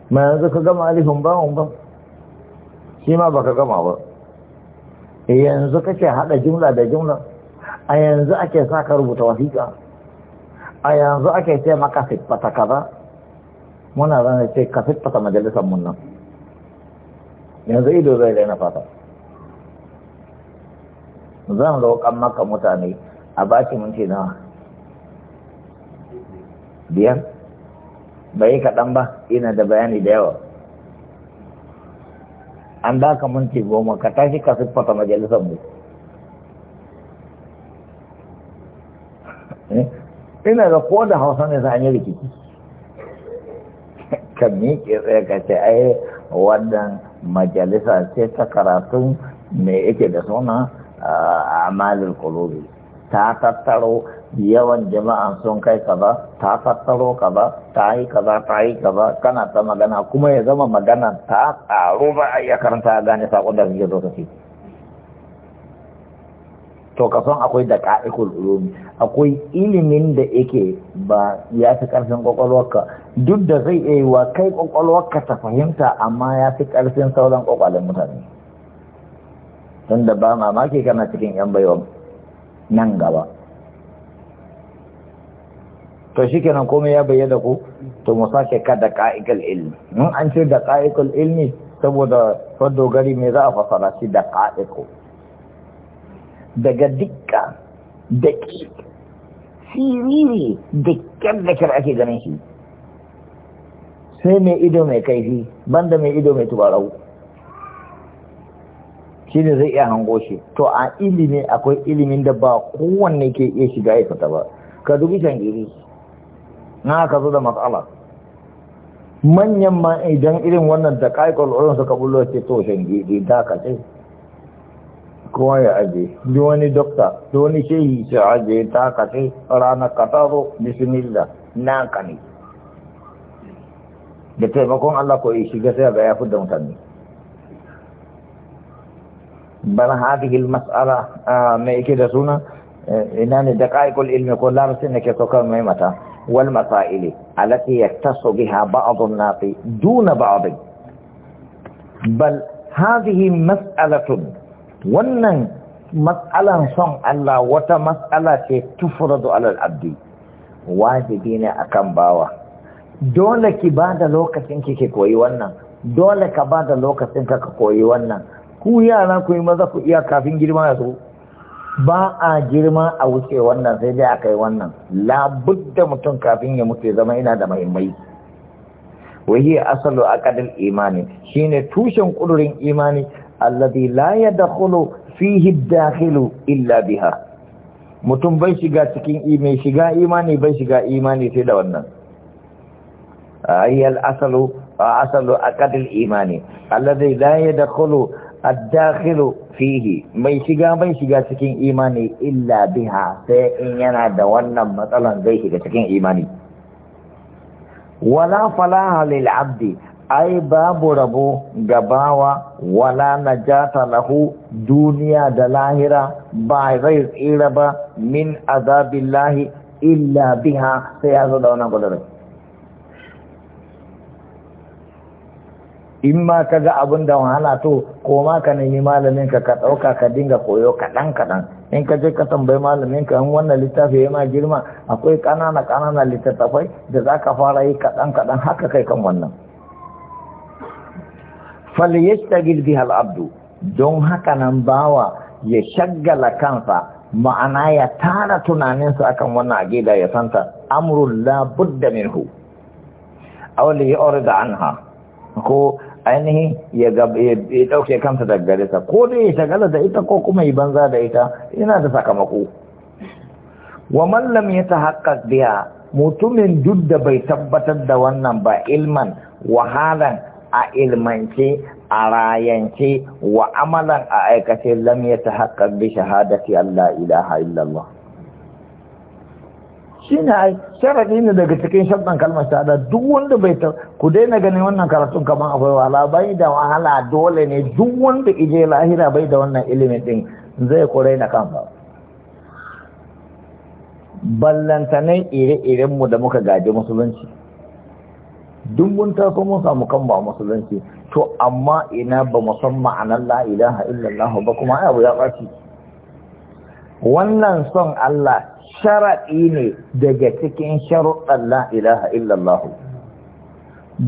ma yanzu ka gama alifin ba ba shi ma baka gama ba yanzu kake hada jumla da jumla a yanzu ake sa ka rubuta wasiƙa a yanzu ake ce maka siffata kaza muna zan ce ka siffata majalisar mun nan yanzu ido zai daina fata zan roƙan maka mutane a baki minti nawa biyan bai yi kaɗan ba ina da bayani da yawa an baka minti goma ka tashi ka siffata majalisar mu eh? ina da ko da hausa ne za a yi rikici ka miƙe tsaye ka ce ai wannan majalisa ce ta karatun me yake da suna a malin kulubi ta tattaro yawan jama'an sun kai kaza ta ka kaza ta yi kaza ta yi kaza kana ta magana kuma ya zama magana ta tsaro ba a iya karanta gane saƙon da kake zo ka ce to kafin akwai da ka'ikul ulumi akwai ilimin da yake ba ya fi ƙarfin kwakwalwarka duk da zai iya yi wa kai kwakwalwarka ta fahimta amma ya fi ƙarfin sauran ƙwaƙwalin mutane tun da ba mamaki kana cikin yan baiwa nan gaba to shi kenan komai ya bayyana ku to mu sake ka da ka'ikul ilmi in an ce da ka'ikul ilmi saboda fadogari me za a fasara shi da ka'ikul daga dukka da siriri da kyar da kyar ake ganin shi sai mai ido mai kaifi banda mai ido mai tubarau shi ne zai iya hango shi to a ilimi akwai ilimin da ba kowanne ke iya shiga ya fita ba ka dubi shangiri na ka zo da matsala manyan ma idan irin wannan da kaikon suka bullo ce to shangiri da ka ce kowa ya aje duk wani dokta to wani shehi ya aje ta kace ranar ka zo bismillah na ka ne da taimakon Allah ko ya shiga sai ga ya fi da mutane بل هذه المسألة ما كده سنة إنان ke العلم mai mata, wal masa'ili, والمسائل التي يختص بها بعض nafi, دون بعض Bal هذه مسألة wannan matsalan son Allah wata matsala ce tufuradu alal abdi wajibi ne akan bawa dole ki ba lokacin ki koyi wannan dole ka bada lokacin ka ka koyi wannan ku yara ku yi maza ku iya kafin girma ya zo ba a girma a wuce wannan sai dai aka yi wannan labudda mutum kafin ya mutu zama ina da mahimmai wahi asalu aqdal imani shine tushen kudurin imani alladhi la yadkhulu fihi ad-dakhilu illa biha mutum bai shiga cikin imani, shiga imani bai shiga imani sai da wannan ayyal asalu asalu aqdil imani alladhi la yadkhulu ad-dakhilu fihi mai shiga bai shiga cikin imani illa biha sai in yana da wannan matsalan zai shiga cikin imani wala falaha lil abdi ai babu rabo gabawa wala najata lahu duniya da lahira ba zai tsira ba min azabillahi illa biha sai ya zo da wannan kudurin in ma ka ga abin da wahala to ko ma ka nemi malamin ka ka ɗauka ka dinga koyo kaɗan kaɗan in ka je ka tambayi malamin ka in wannan littafi ya ma girma akwai ƙanana ƙanana littattafai da za ka fara yi kaɗan kaɗan haka kai kan wannan falyastagil biha al-abdu don haka nan bawa ya shaggala kansa ma'ana ya tara tunaninsa akan wannan agida ya santa amrul la budda minhu aw li yurda anha ko ainihi ya dauke kansa daga gare sa ko dai ya shagala da ita ko kuma ya banza da ita yana da sakamako wa man lam yatahaqqaq biha mutumin duk da bai tabbatar da wannan ba ilman wahalan a ilmance a rayance wa amalan a aikace lam ya ta haƙar bi shahadati Allah ilaha illallah shi ne a sharaɗi ne daga cikin shaɗin kalmar shahada duk wanda bai ta ku daina ganin wannan karatun kamar akwai wahala bai da wahala dole ne duk wanda ije lahira bai da wannan ilimin ɗin, zai kurai na kan ba ballantanen ire-irenmu da muka gaji musulunci duk mun taso mun samu kan ba musulunci to amma ina ba musamman anan la ilaha illallah ba kuma ai abu ya ɓaci wannan son Allah sharaɗi ne daga cikin sharuɗan la ilaha illallah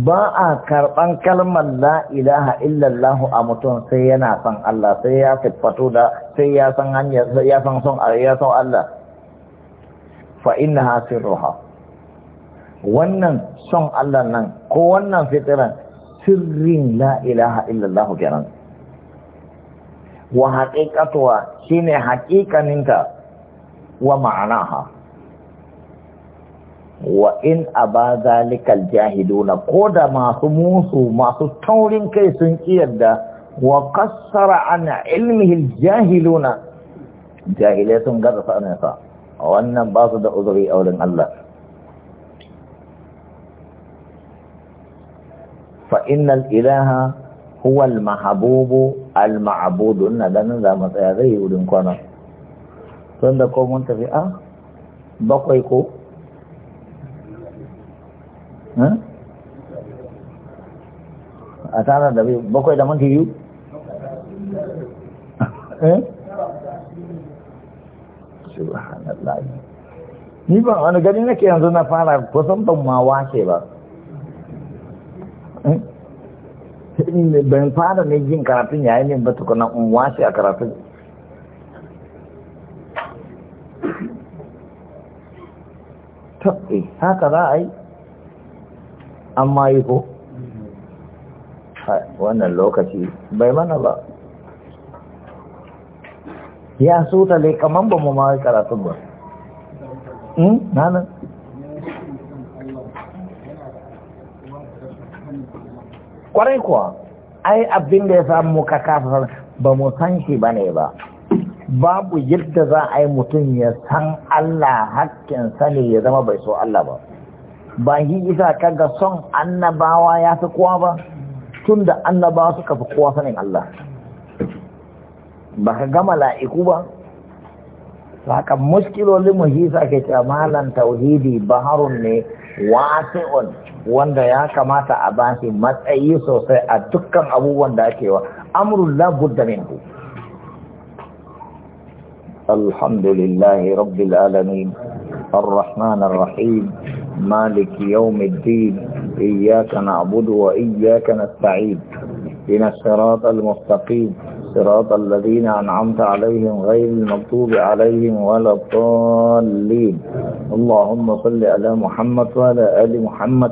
ba a karɓan kalmar la ilaha illallah a mutum sai yana son Allah sai ya fito da sai ya san hanyar ya san son Allah fa innaha sirruha wannan son Allah nan ko wannan fitiran sirrin la ilaha illallah kenan wa haqiqatuha shine haqiqaninta wa ma'anaha wa in aba zalikal jahiduna ko da masu musu masu taurin kai sun kiyarda wa qassara an ilmihi jahiluna jahilai sun gaza sa'ansa wannan ba su da uzuri a wurin Allah فإن الإله هو المحبوب المعبود إن لنا ذا متأذي ولنكونا kwana. ها دبي eh ni ba wani gani nake yanzu na fara kusan ban ma wace ba ban fara ne jin karatun yayin min ba tukuna unwa shi a karatun taɓe eh, haka za a yi amma yi ko wannan lokaci bai mana ba ya sutale kamar ba mu ma karatun ba hmm? nanan kwarai kuwa ai abin da ya samu ka kafa ba mu san shi ba ne ba babu yadda za a yi mutum ya san Allah hakkin sani ya zama bai so Allah ba ba yi isa kaga son annabawa ya fi kowa ba tun da annabawa suka fi kowa sanin Allah ba ka gama la'iku ba haka muskilolin mu shi sa ke ce tauhidi baharun ne wasi'un wanda ya kamata a bashi matsayi sosai a dukkan abubuwan da ake wa amrun labudda minhu alhamdulillah rabbil alamin الرحمن الرحيم مالك يوم الدين إياك نعبد وإياك نستعين إن الصراط المستقيم صراط الذين أنعمت عليهم غير المغضوب عليهم ولا الضالين اللهم صل على محمد وعلى آل محمد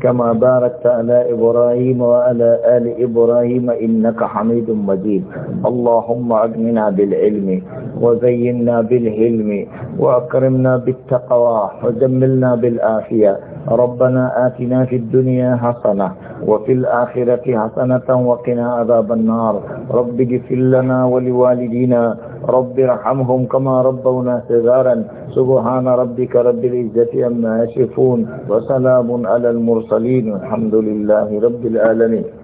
كما باركت على إبراهيم وعلى آل إبراهيم إنك حميد مجيد اللهم أجمنا بالعلم وزينا بالهلم وأكرمنا بالتقوى وجملنا بالآفية ربنا آتنا في الدنيا حسنة وفي الآخرة حسنة وقنا عذاب النار رب اغفر لنا ولوالدينا رب ارحمهم كما ربونا صغارا سبحان ربك رب العزة أما يصفون وسلام على المرسلين الحمد لله رب العالمين